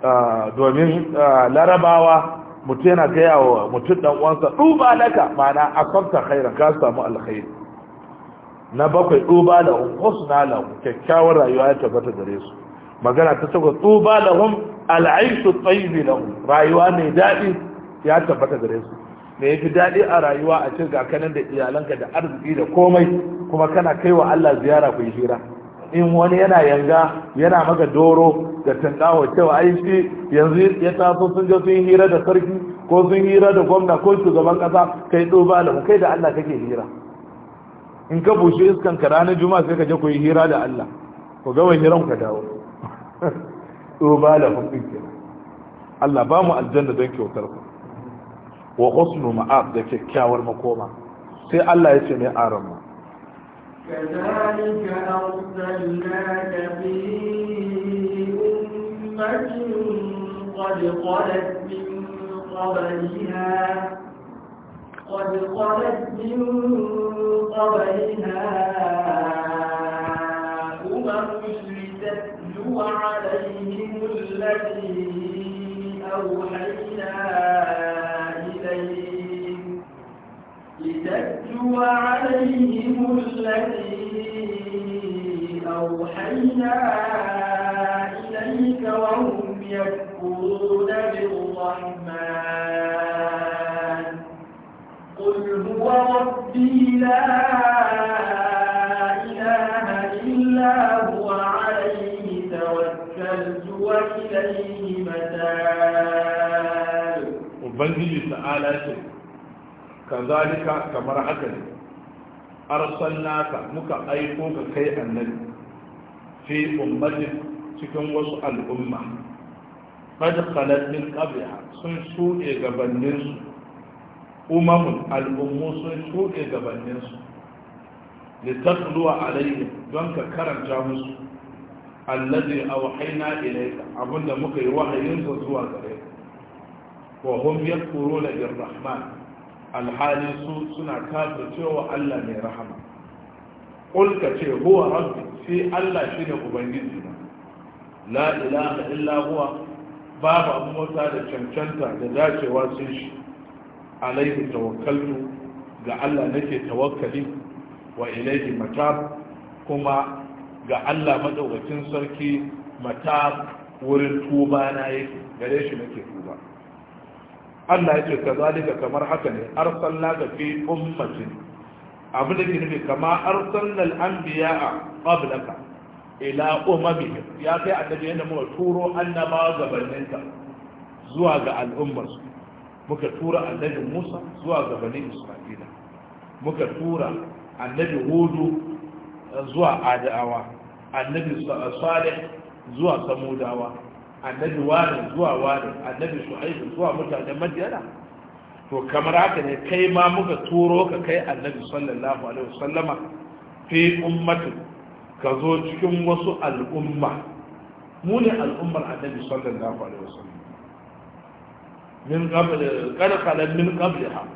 ah, domin ah, larabawa mutum yana gaya wa mutum dan uwansa duba laka mana akwamta khairan ka samu alkhairi na bakwai duba da na lahu kyakkyawar rayuwa ya tabbata gare su magana ta saka hun lahum al'aishu da hun rayuwa mai dadi ya tabbata gare su me yafi dadi a rayuwa a ce ga kanan da iyalanka da arziki da komai kuma kana kaiwa Allah ziyara ku yi hira in wani yana yanga yana maka doro da tankawa cewa ai shi yanzu ya taso sun je sun hira da sarki ko sun hira da gwamna ko shugaban kasa kai duba da kai da Allah kake hira in ka bushe iskan ka ranar juma'a sai ka je ku hira da Allah ku ga wani ran ka dawo duba da hukumin kenan Allah ba mu aljanna don kyautar ku wa husnu ma'ab da kyakkyawar makoma sai Allah ya ce mai mu. كذلك أرسلناك في أمة قد خلت من قبلها قد خلت من قبلها أمم لتتلو عليهم الذي أوحينا إليك نتلو عليهم الذي أوحينا إليك وهم يكفرون بالرحمن قل هو ربي لا إله إلا هو عليه توكلت وإليه متاب وبنجي تعالى شكرا kazalika kamar haka ne arsalnaka muka aiko ka kai annabi fi ummatin cikin wasu al'umma qad khalat min qabliha sun shuɗe gabanin su umamun al'ummu sun shuɗe gabanin su litatluwa alayhi don ka karanta musu allazi awhayna ilayka abinda muka yi wahayin zuwa gare ka wa hum yakfuruna Rahman. alhali su suna kafa cewa Allah mai rahama qul ka ce huwa rabbi sai Allah shi ne ubangiji na la ilaha illa huwa babu abin da cancanta da dacewa sun shi alaihi tawakkaltu ga Allah nake tawakkali wa ilaihi matab kuma ga Allah madaukakin sarki matab wurin tuba na yake gare shi nake tuba Allah ya ce ka kazalika kamar haka ne arsalna ka fi ummatin abu da ke nufi kama arsalna al-anbiya'a qablaka ila umamihim ya kai annabi yadda muka turo annabawa gabaninka zuwa ga al'ummarsu muka tura annabi Musa zuwa gabanin bani Isra'ila muka tura annabi Hudu zuwa Adawa annabi Salih zuwa Samudawa annabi wani zuwa wani annabi shu'aibu zuwa mutanen majiyana. to kamar haka ne kai ma muka turo ka kai annabi sallallahu alaihi wasallama fi ummatin ka zo cikin wasu al'umma mu ne al'ummar annabi sallallahu alaihi wasallama min qabl qarqala min qablha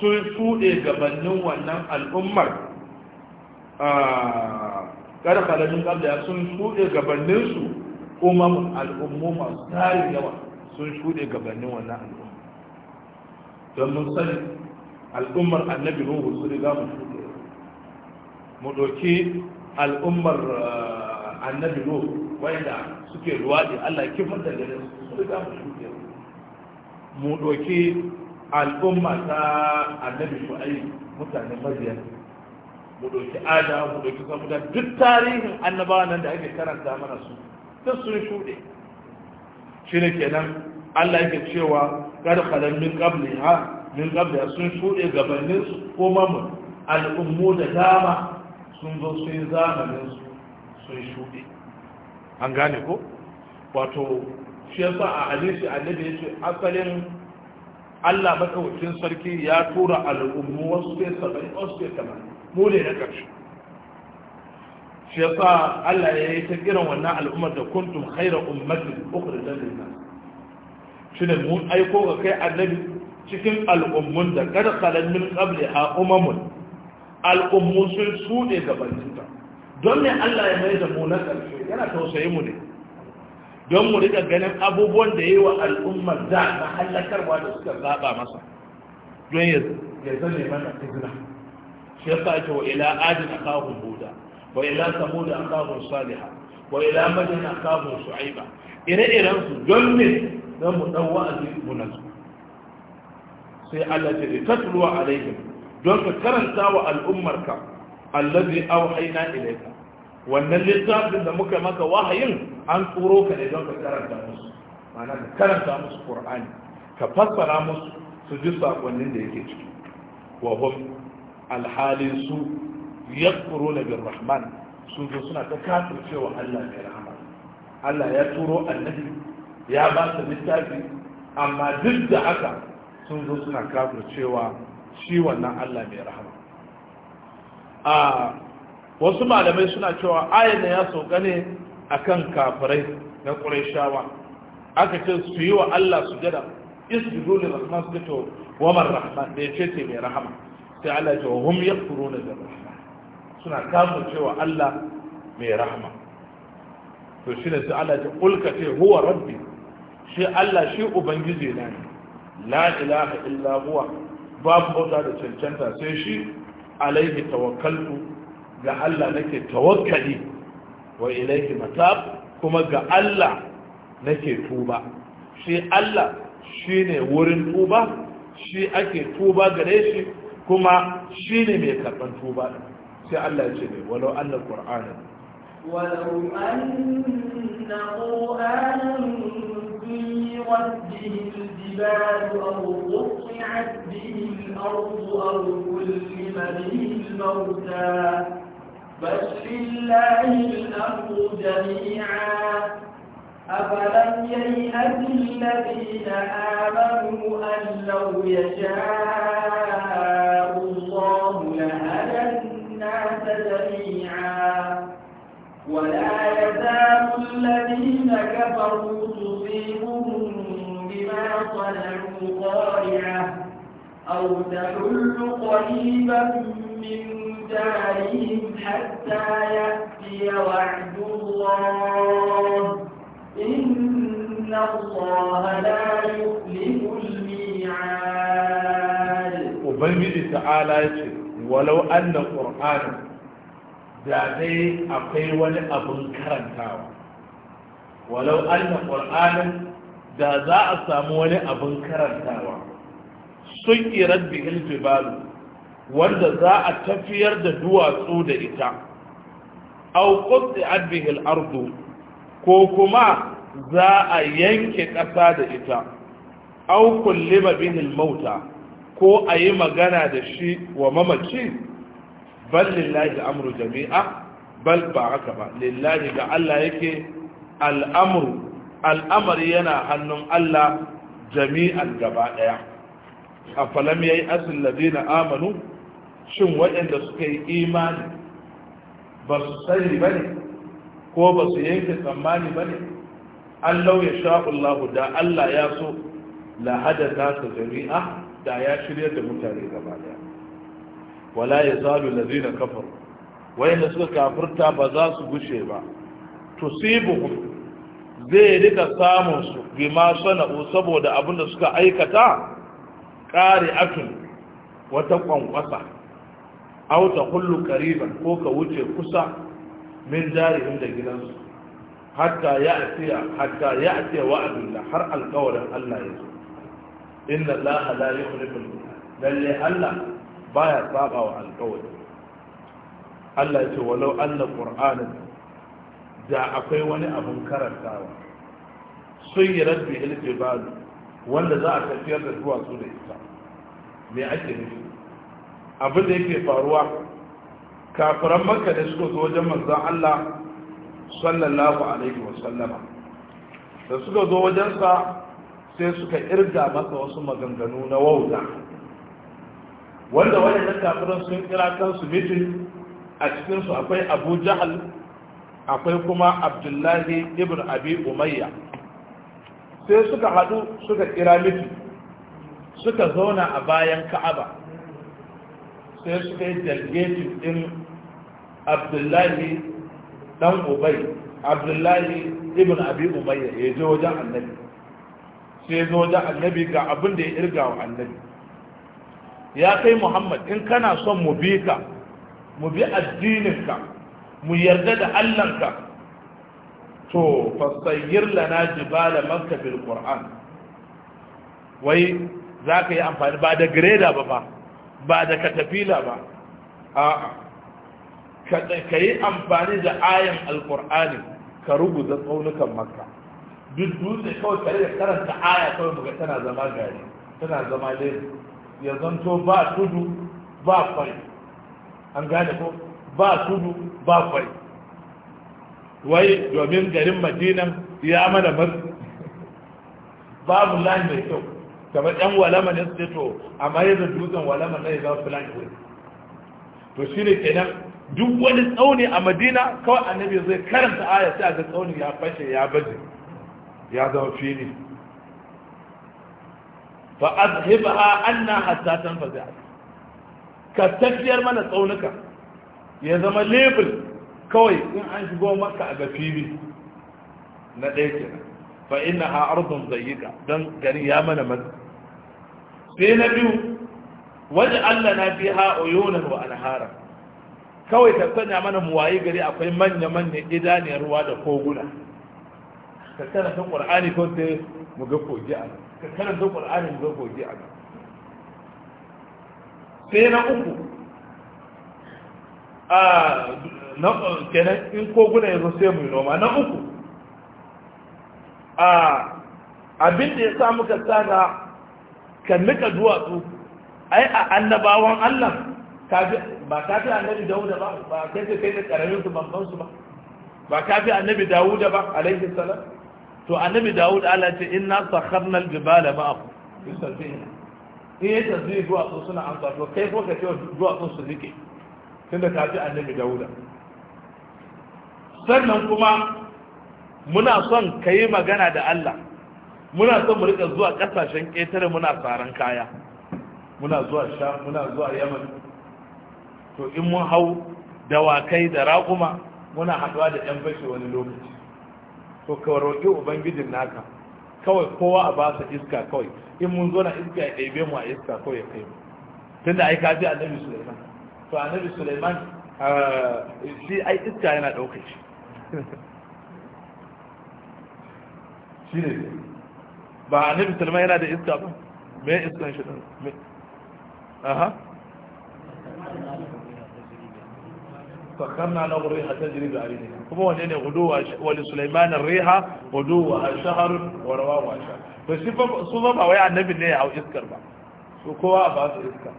sun sude gabanin wannan al'ummar ah, kala min qablha sun sude gabanin su umam al'ummu masu tarin yawa sun shuɗe gabanin wannan al'umma don mun sani al'ummar annabi ruhu su riga mu shuɗe mu ɗauki al'ummar eh, annabi ruhu wanda suke ruwaɗi allah kifar da gare su riga mu shuɗe mu ɗauki al'umma ta annabi shu'ayi mutanen maziyar mu ɗauki ada mu ɗauki samuda duk tarihin annabawa nan da ake karanta mana su ta sun shuɗe shi ne kenan Allah yake cewa karkalan min ƙabli ha min ƙabli sun shuɗe gabanin su ko mamu al'ummu da dama sun zo sun yi zamanin su sun shuɗe an gane ko wato shi ya sa a hadisi annabi ce asalin Allah madaukakin sarki ya tura al'ummu wasu sai saba'in wasu sai tamanin mu ne na ƙarshe shi yasa Allah ya yi ta kiran wannan al'ummar da kuntum khaira ummatin ukhrijat lin-nas shine mun aiko ga kai annabi cikin al'ummun da kada kalan min qabli ha umamun al'ummu sun sude gabanin ta don ne Allah ya mai da mu na karshe yana tausayi mu ne don mu rika ganin abubuwan da yi wa al'ummar da na halakarwa da suka zaba masa don ya zane mana izina shi yasa ake wa ila adin akahun buda wa ila samud aqabu salihah wa ila madin aqabu shu'aiba ire-iren su don ne don mu dan wa'azi munasu sai Allah ta ce tatluwa don ka karanta wa al'ummarka wannan littafin da muka maka wahayin an tsoro ka ne don ka karanta musu ma'ana ka karanta musu qur'ani ka fassara musu su ji sakonnin da yake ciki wa hum alhalin su na bin rahman su zo suna ta cewa Allah mai rahama Allah ya turo annabi ya ba su littafi amma duk da haka sun zo suna cewa shi wannan Allah mai rahama a wasu malamai suna cewa da ya sauka ne akan kafirai na Qurayshawa aka ce su yi wa Allah sujada isjudu lil rahman suka ce wa man rahman da ya ce mai rahama sai Allah ya ce hum yakfuruna bil rahman suna kafin cewa Allah mai rahama to shi ne sai Allah ta ƙulka ce huwa rabbi shi Allah shi ubangiji na ne la ilaha illa huwa babu bauta da cancanta sai shi alaihi tawakkaltu ga Allah nake tawakkali wa ilaihi matab kuma ga Allah nake tuba shi Allah shine wurin tuba shi ake tuba gare shi kuma shine mai karban tuba ɗin ولو ان sai Allah ce ne walau annal qur'ana walau به الموتى بس لله الأمر جميعا أفلم ييأت الذين آمنوا أن لو يشاء الله لهدى جميعا ولا يزال الذين كفروا تصيبهم بما صنعوا قارعة أو تحل قريبا من دارهم حتى يأتي وعد الله إن الله لا يخلف الميعاد وبنجد تعالى ولو أن قرآنا da dai akwai wani abun karantawa walau anna qur'anan da za a samu wani abun karantawa sun irar bihil jibalu wanda za a tafiyar da duwatsu da ita au qut'at bihil ardu ko kuma za a yanke ƙasa da ita au kullima bihil mauta ko a yi magana da shi wa mamaci bal lillahi amru jami'a bal ba haka ba lillahi ga Allah yake al'amru al'amari yana hannun Allah jami'an gaba daya a falam yayi asil ladina amanu shin waɗanda suka yi imani ba su sani ba ne ko ba su yanke tsammani ba ne allau ya sha'ullahu da allah ya so la hada ta jami'a da ya shirya da mutane gaba daya wala ya zalu lazina kafar wayanda suka kafirta ba za su gushe ba tusibuhum zai rika samun su bima sana'u saboda abinda suka aikata ƙari atun wata kwankwasa Auta ta kullu ko ka wuce kusa min jarihim da gidansu hatta ya atiya hatta ya atiya wa'adullah har alƙawarin Allah ya zo inna Allah la yukhlifu lalle Allah baya saba wa alkawari Allah ya ce walau Allah qur'anan da akwai wani abun karantawa sun yi rabbi iljibal wanda za a tafiyar da zuwa su da ita me ake nufi abin da yake faruwa kafiran makka da suka zo wajen manzon Allah sallallahu alaihi wa sallama da suka zo wajensa sai suka irga masa wasu maganganu na wauta wanda waɗannan kafiran sun kira kansu mitin a cikinsu akwai abu jahal akwai kuma abdullahi ibn abi umayya sai suka haɗu suka kira mitin suka zauna a bayan ka'aba sai suka yi delegating ɗin abdullahi Dan ubai abdullahi ibn abi umayya ya je wajen annabi sai zo wajen annabi ga abin da ya irga wa annabi ya kai muhammad in kana son mu bi ka mu bi addininka mu yarda da allanka to fasayyir lana jibala makka bil qur'an wai za ka yi amfani ba da greda ba ba ba da katafila ba a'a ka yi amfani da ayan alkur'ani ka rubuta tsaunukan makka duk dutse kawai kare da karanta aya kawai muga tana zama gari tana zama lezi ya zanto ba tudu ba kwai, an gane ko ba tudu ba kwai. wai domin garin madina ya mana matsi babu layi mai kyau kamar yan walama ne su to amma yadda dutsen walama na ya zama fulani to shi ne kenan duk wani tsauni a madina kawai annabi zai karanta aya sai a ga tsauni ya fashe ya baje ya zama fili fa azhibha anna hatta tanfaza ka tafiyar mana tsaunuka ya zama label kawai in an shigo maka a ga fili na ɗaya ke fa inna ha ardun zayyika dan gari ya mana matsa sai na biyu waje Allah na fi ha uyunan wa anhara kawai ka sanya mana muwayi gari akwai manya manya idaniyar ruwa da koguna ka tana ta qur'ani ko sai mu ga koji a nan ka karanta qur'anin zo gobe a nan sai na uku a na kenan in koguna yanzu sai mu noma na uku a abin da ya sa muka tsada kan nika duwatsu ai a annabawan Allah ba ka fi annabi Dawuda ba ba kai kai da karamin su babban su ba ba ka fi annabi Dawuda ba laifin salam to annabi dawud ala ce inna sakharna aljibala ma'akum yusabbihu in ya tasbihi zuwa sun suna amsa to kai ko ka ce zuwa sun su rike tunda ka ji annabi dawud sannan kuma muna son ka yi magana da Allah muna son mu rika zuwa kasashen ƙetare muna tsaron kaya muna zuwa sha muna zuwa yaman to in mun hau dawakai da raƙuma muna haɗuwa da 'yan fashe wani lokaci to ka roƙi ubangijin naka kawai kowa a basa iska kawai in mun zo na iska ya ɗebe mu a iska kawai ya kai mu tunda ai ka ji annabi Suleiman, to annabi Suleiman eh, shi ai iska yana ɗaukar shi shi ne ba annabi Suleiman yana da iska ba me iskan shi ɗin aha sakarna na riha ta jiri da arini kuma wanne ne hudu wa li sulaiman riha hudu wa shahar wa ba wai annabi ne ya hau iskar ba su kowa ba su iska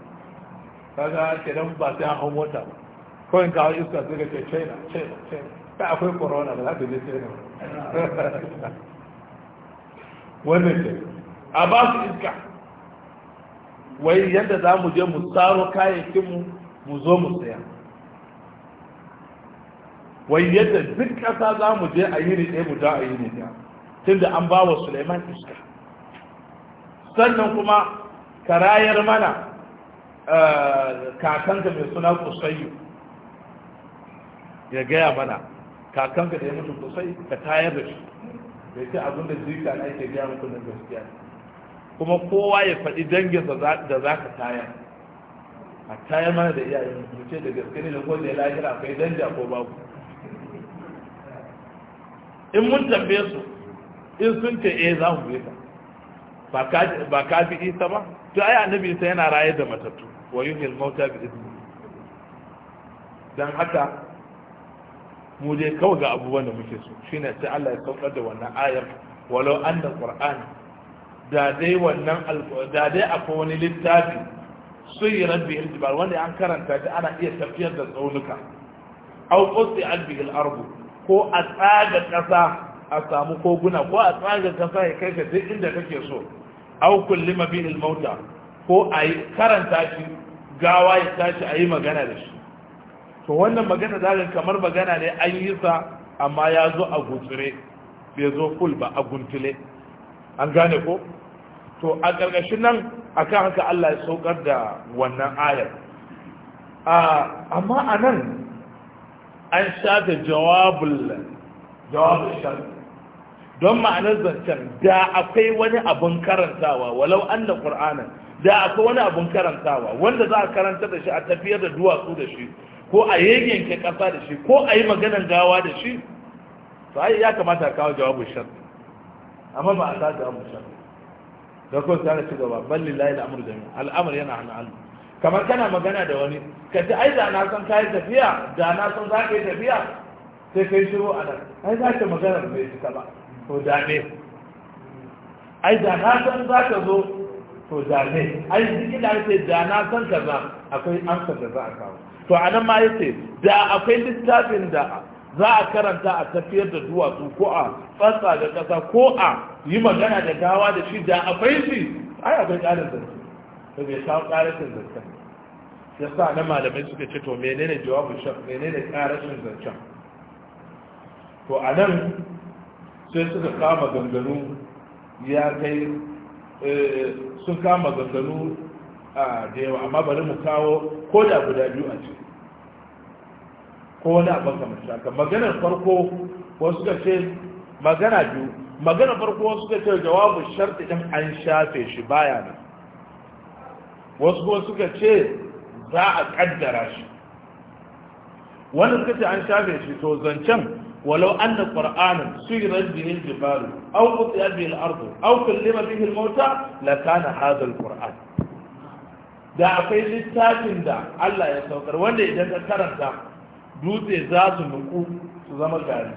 kaga kenan ba sai an hau mota ba ko in ka hau iska sai ka ce china china china akwai corona ba za ka je china wannan a ba su iska wai yadda za mu je mu tsaro mu, mu zo mu saya wai yadda duk ƙasa za mu je a yi ne ɗaya mu da a yi ne ɗaya tun da an ba wa suleiman iska sannan kuma karayar mana eh, kakanka mai suna kusayi ya gaya mana kakanka da ya mutu kusai ka tayar da shi da ce abin da zika na ke gaya muku na gaskiya kuma kowa ya faɗi dangin da za ka tayar a tayar mana da iyayen mu ce da gaske ne da kowace lahira akwai danja ko babu in mun tambaye su in sun ce eh za mu bi ka ba ka bi isa ba to ai annabi isa yana raye da matattu wa yuhil mauta bi idni dan haka mu dai kawai ga abubuwan da muke so shine sai Allah ya saukar da wannan ayar walau anna qur'an da dai wannan da dai akwai wani littafi sai rabbi al wanda an karanta da ana iya tafiyar da tsaunuka aw qusti al-ardu ko a tsaga ƙasa a samu koguna ko a tsaga ƙasa ya kai ka duk inda kake so au kulli mabinil mauta ko a yi karanta shi gawa ya tashi a yi magana da shi to wannan magana zaga kamar magana ne an yi sa amma ya zo a gutsure bai zo kul ba a guntule an gane ko to a ƙarƙashin nan akan haka Allah ya saukar da wannan ayar ah, amma a nan an shafe jawabul jawabul shar don ma'anar zancen da akwai wani abun karantawa walau anna qur'ana da akwai wani abun karantawa wanda za a karanta da shi a tafiyar da duwatsu da shi ko a yayyanke ƙasa da shi ko a yi maganan gawa da shi to ai ya kamata a kawo jawabul shar amma ba a sa jawabul shar da kuma sai ci gaba ballillahi al'amru jami'a Al'amur yana hana Allah kamar kana magana da wani ka ce ai da na san kayi tafiya da na san za ka yi tafiya sai kai shiru a nan ai za ka magana bai cika ba to da ne ai da na san za ka zo to da ne ai jikin da ce da na san kaza akwai amsa da za a kawo to a nan ma ya ce da akwai littafin da za a karanta a tafiyar da duwatsu ko a tsatsa da ƙasa ko a yi magana da gawa da shi da akwai shi ai akwai ƙarin zance to bai kawo ƙarashin zancen ya sa na malamai suka ce to menene jawabin shaf menene ƙarashin zancen to a nan sai suka kama ganganu ya kai eh, sun kama ganganu a da yawa amma bari mu kawo ko da guda biyu a ciki ko wani abin kamar shaka maganar farko wasu suka ce magana biyu magana farko wasu suka ce jawabin sharti ɗin an shafe shi baya nan wasu kuma suka ce za a kaddara shi wani suka ce an shafe shi to zancen ولو أن قرآنا سيرت به الجبال أو قطعت به الأرض أو كلم به الموتى لكان هذا القرآن da akwai littafin da Allah ya saukar wanda idan ka karanta dutse za su nuku su zama gari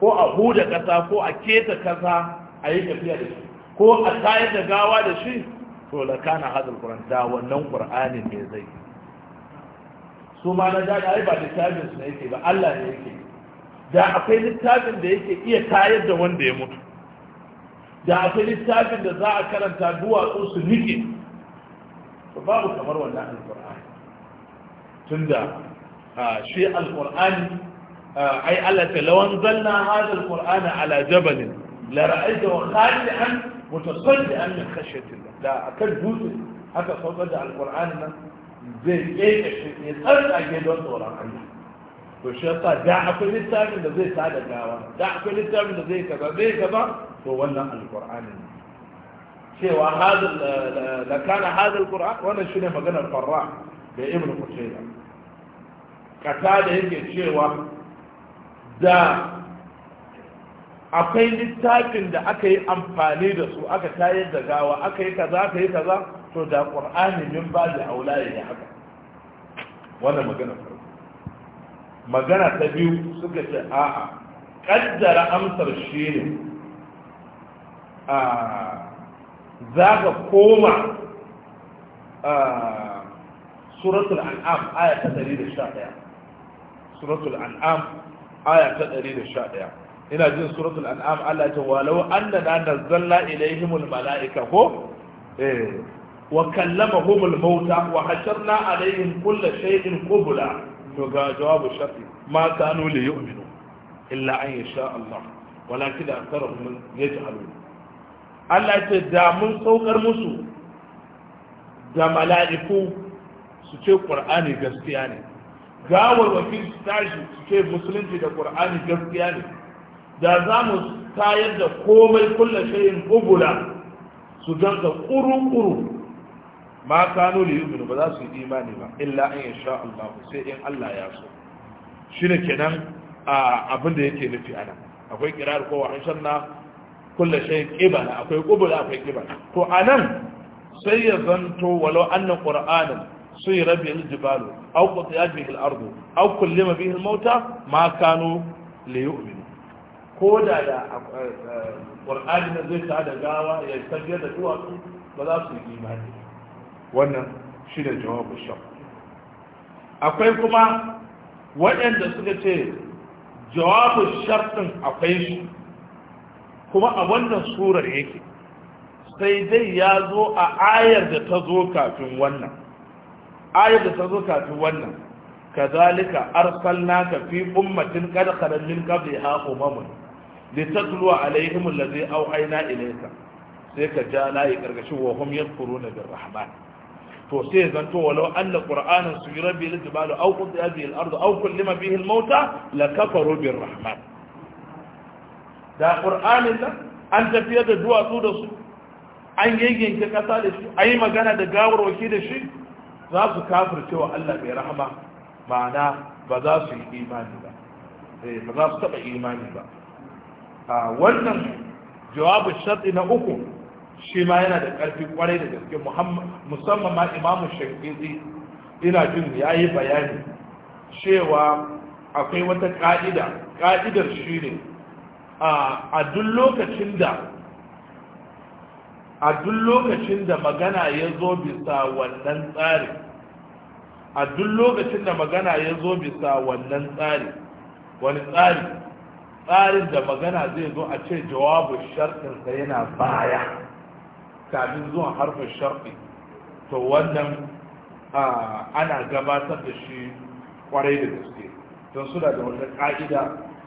ko a huda kasa ko a keta kasa a yi tafiya da shi ko a tayar da gawa da shi to la kana hadal qur'an da wannan qur'anin ne zai su ma na da ai ba littafin su ne yake ba Allah ne yake da akwai littafin da yake iya tayar da wanda ya mutu da akwai littafin da za a karanta duwatsu su nike to babu kamar wannan alqur'ani tunda shi alqur'ani ai Allah ta lawan zanna hadal qur'ana ala jabalin la ra'aytahu khali'an متصدئا من خشية الله لا أكل جزء حتى صدد على القرآن ما زي ايش الشيء الأرض أجيد وصورا عنه والشيطة دع أكل زي سادة دعوة دع كل التامن ده زي كذا زي كذا هو القرآن شيء وهذا لكان هذا القرآن وانا شنو مقال الفراع لابن قتيبة كتاب هيك سوى ده akwai littafin da aka yi amfani da su aka tayar da gawa aka yi kaza aka yi kaza to da ƙur'ani min ba da aulaye da haka wannan magana magana ta biyu suka ce a'a ƙaddara amsar shi ne za ka koma suratul an'am aya ta 111 suratul an'am aya ta 111 ina jin suratul an'am Allah ta walau annana nazzalna ilaihimul malaika ko eh wa kallamahumul mauta wa hasharna alaihim kulla shay'in qubla to ga jawabu shafi ma kanu li yu'minu illa an yasha Allah walakin aktharuhum yaj'alun Allah ce da mun saukar musu da mala'iku su ce qur'ani gaskiya ne gawar wakil tashi su ce musulunci da qur'ani gaskiya ne da za mu tayar da komai kullum shayin bugula su ganka ƙuru-ƙuru ma kano da yi ba za su yi imani ba illa in ya sha Allah sai in Allah ya so shi ne kenan abin da yake nufi ana akwai kirar ko an na kullum shayin ƙibala akwai ƙubula akwai ƙibala to a nan sai ya zanto walau annan ƙur'anin سير به الجبال أو قطعت به الأرض أو كلم mauta ma kano كانوا ليؤمنوا ko da da ƙwar'ani da zai ta da gawa ya tafiya da duwatsu ba za su yi imani wannan shi da jawabu shan akwai kuma waɗanda suka ce jawabu shartin akwai su kuma a wannan surar yake sai dai ya zo a ayar da ta zo kafin wannan ayar da ta zo kafin wannan kazalika arsalnaka fi ummatin qad khalat min qabliha umamun litatluwa alaihim allazi auhayna ilayka sai ka ja layi karkashin wa hum yadhkuruna birrahman to sai zanto walau anna qur'anan sujira bil jibalu aw qudiya bil ardu aw kullima bihi al mauta la kafaru birrahman da qur'anin nan an tafiyar da duwatsu da su an yayyanke kasa da shi ayi magana da gawar waki da shi za su kafircewa Allah bai rahama ma'ana ba za su yi imani ba ba za su taɓa imani ba wannan jawabin shaɗi na uku shi ma yana da ƙarfi kwarai da gaske musamman ma imamu shafi'i ina jin ya yi bayani cewa akwai wata ƙa'ida ƙa'idar shi ne a duk lokacin da a duk lokacin da magana ya zo bisa wannan tsari a duk lokacin da magana ya zo bisa wannan tsari wani tsari tsarin da magana zai zo a ce jawabin sharɗinsa yana baya kafin zuwan harfin sharɗi to wannan ana gabatar da shi kwarai da gaske don suna da wata ƙa'ida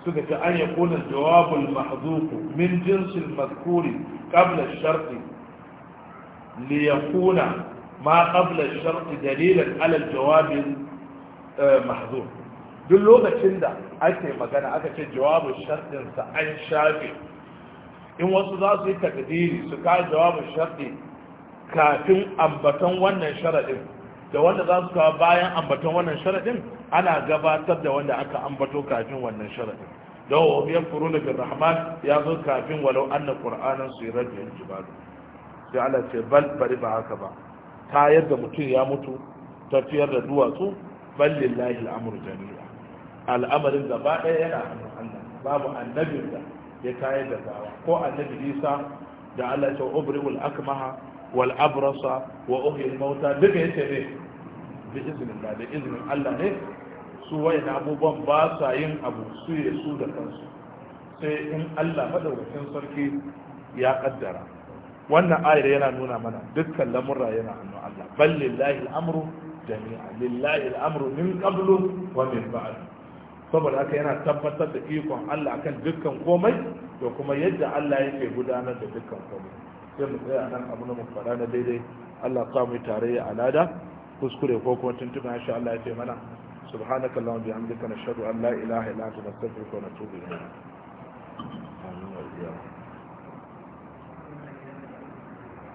suka ce an ya kona jawabul mahzuku min jinsin mazkuri qabla sharɗi li kuna ma qabla sharɗi dalilan alal jawabin eh, mahzuk duk lokacin da ake magana aka ce jawabin sa an shafe in wasu za su yi takdiri su kawo jawabin sharɗi kafin ambaton wannan sharaɗin da wanda za su kawo bayan ambaton wannan sharaɗin ana gabatar da wanda aka ambato kafin wannan sharaɗin don wa ya furu da bin rahman ya zo kafin walau annan na su yi yin jibalu sai ala ce bal bari ba haka ba tayar da mutum ya mutu tafiyar da duwatsu bal lillahi al'amur jami'a al'amarin gaba ɗaya yana hannun Allah babu annabin da ya tayar da gawa ko annabi Isa da Allah ta ubriul akmaha wal abrasa wa uhyi mauta duka ce ne bi iznin da iznin Allah ne su wayan abubuwan ba sa yin abu su ya su da kansu sai in Allah madaukakin sarki ya kaddara wannan ayar yana nuna mana dukkan lamurra yana hannu Allah bal lillahi al'amru jami'a lillahi al'amru min qablu wa min ba'd saboda haka yana tabbatar da ikon Allah akan dukkan komai da kuma yadda Allah yake gudanar da dukkan komai sai mu tsaya nan abu na mufada na daidai Allah ka mu ya alada kuskure ko kuma tuntuba insha Allah ya ce mana subhanakallahumma bihamdika nashhadu an la ilaha illa anta nastaghfiruka wa natubu ilayk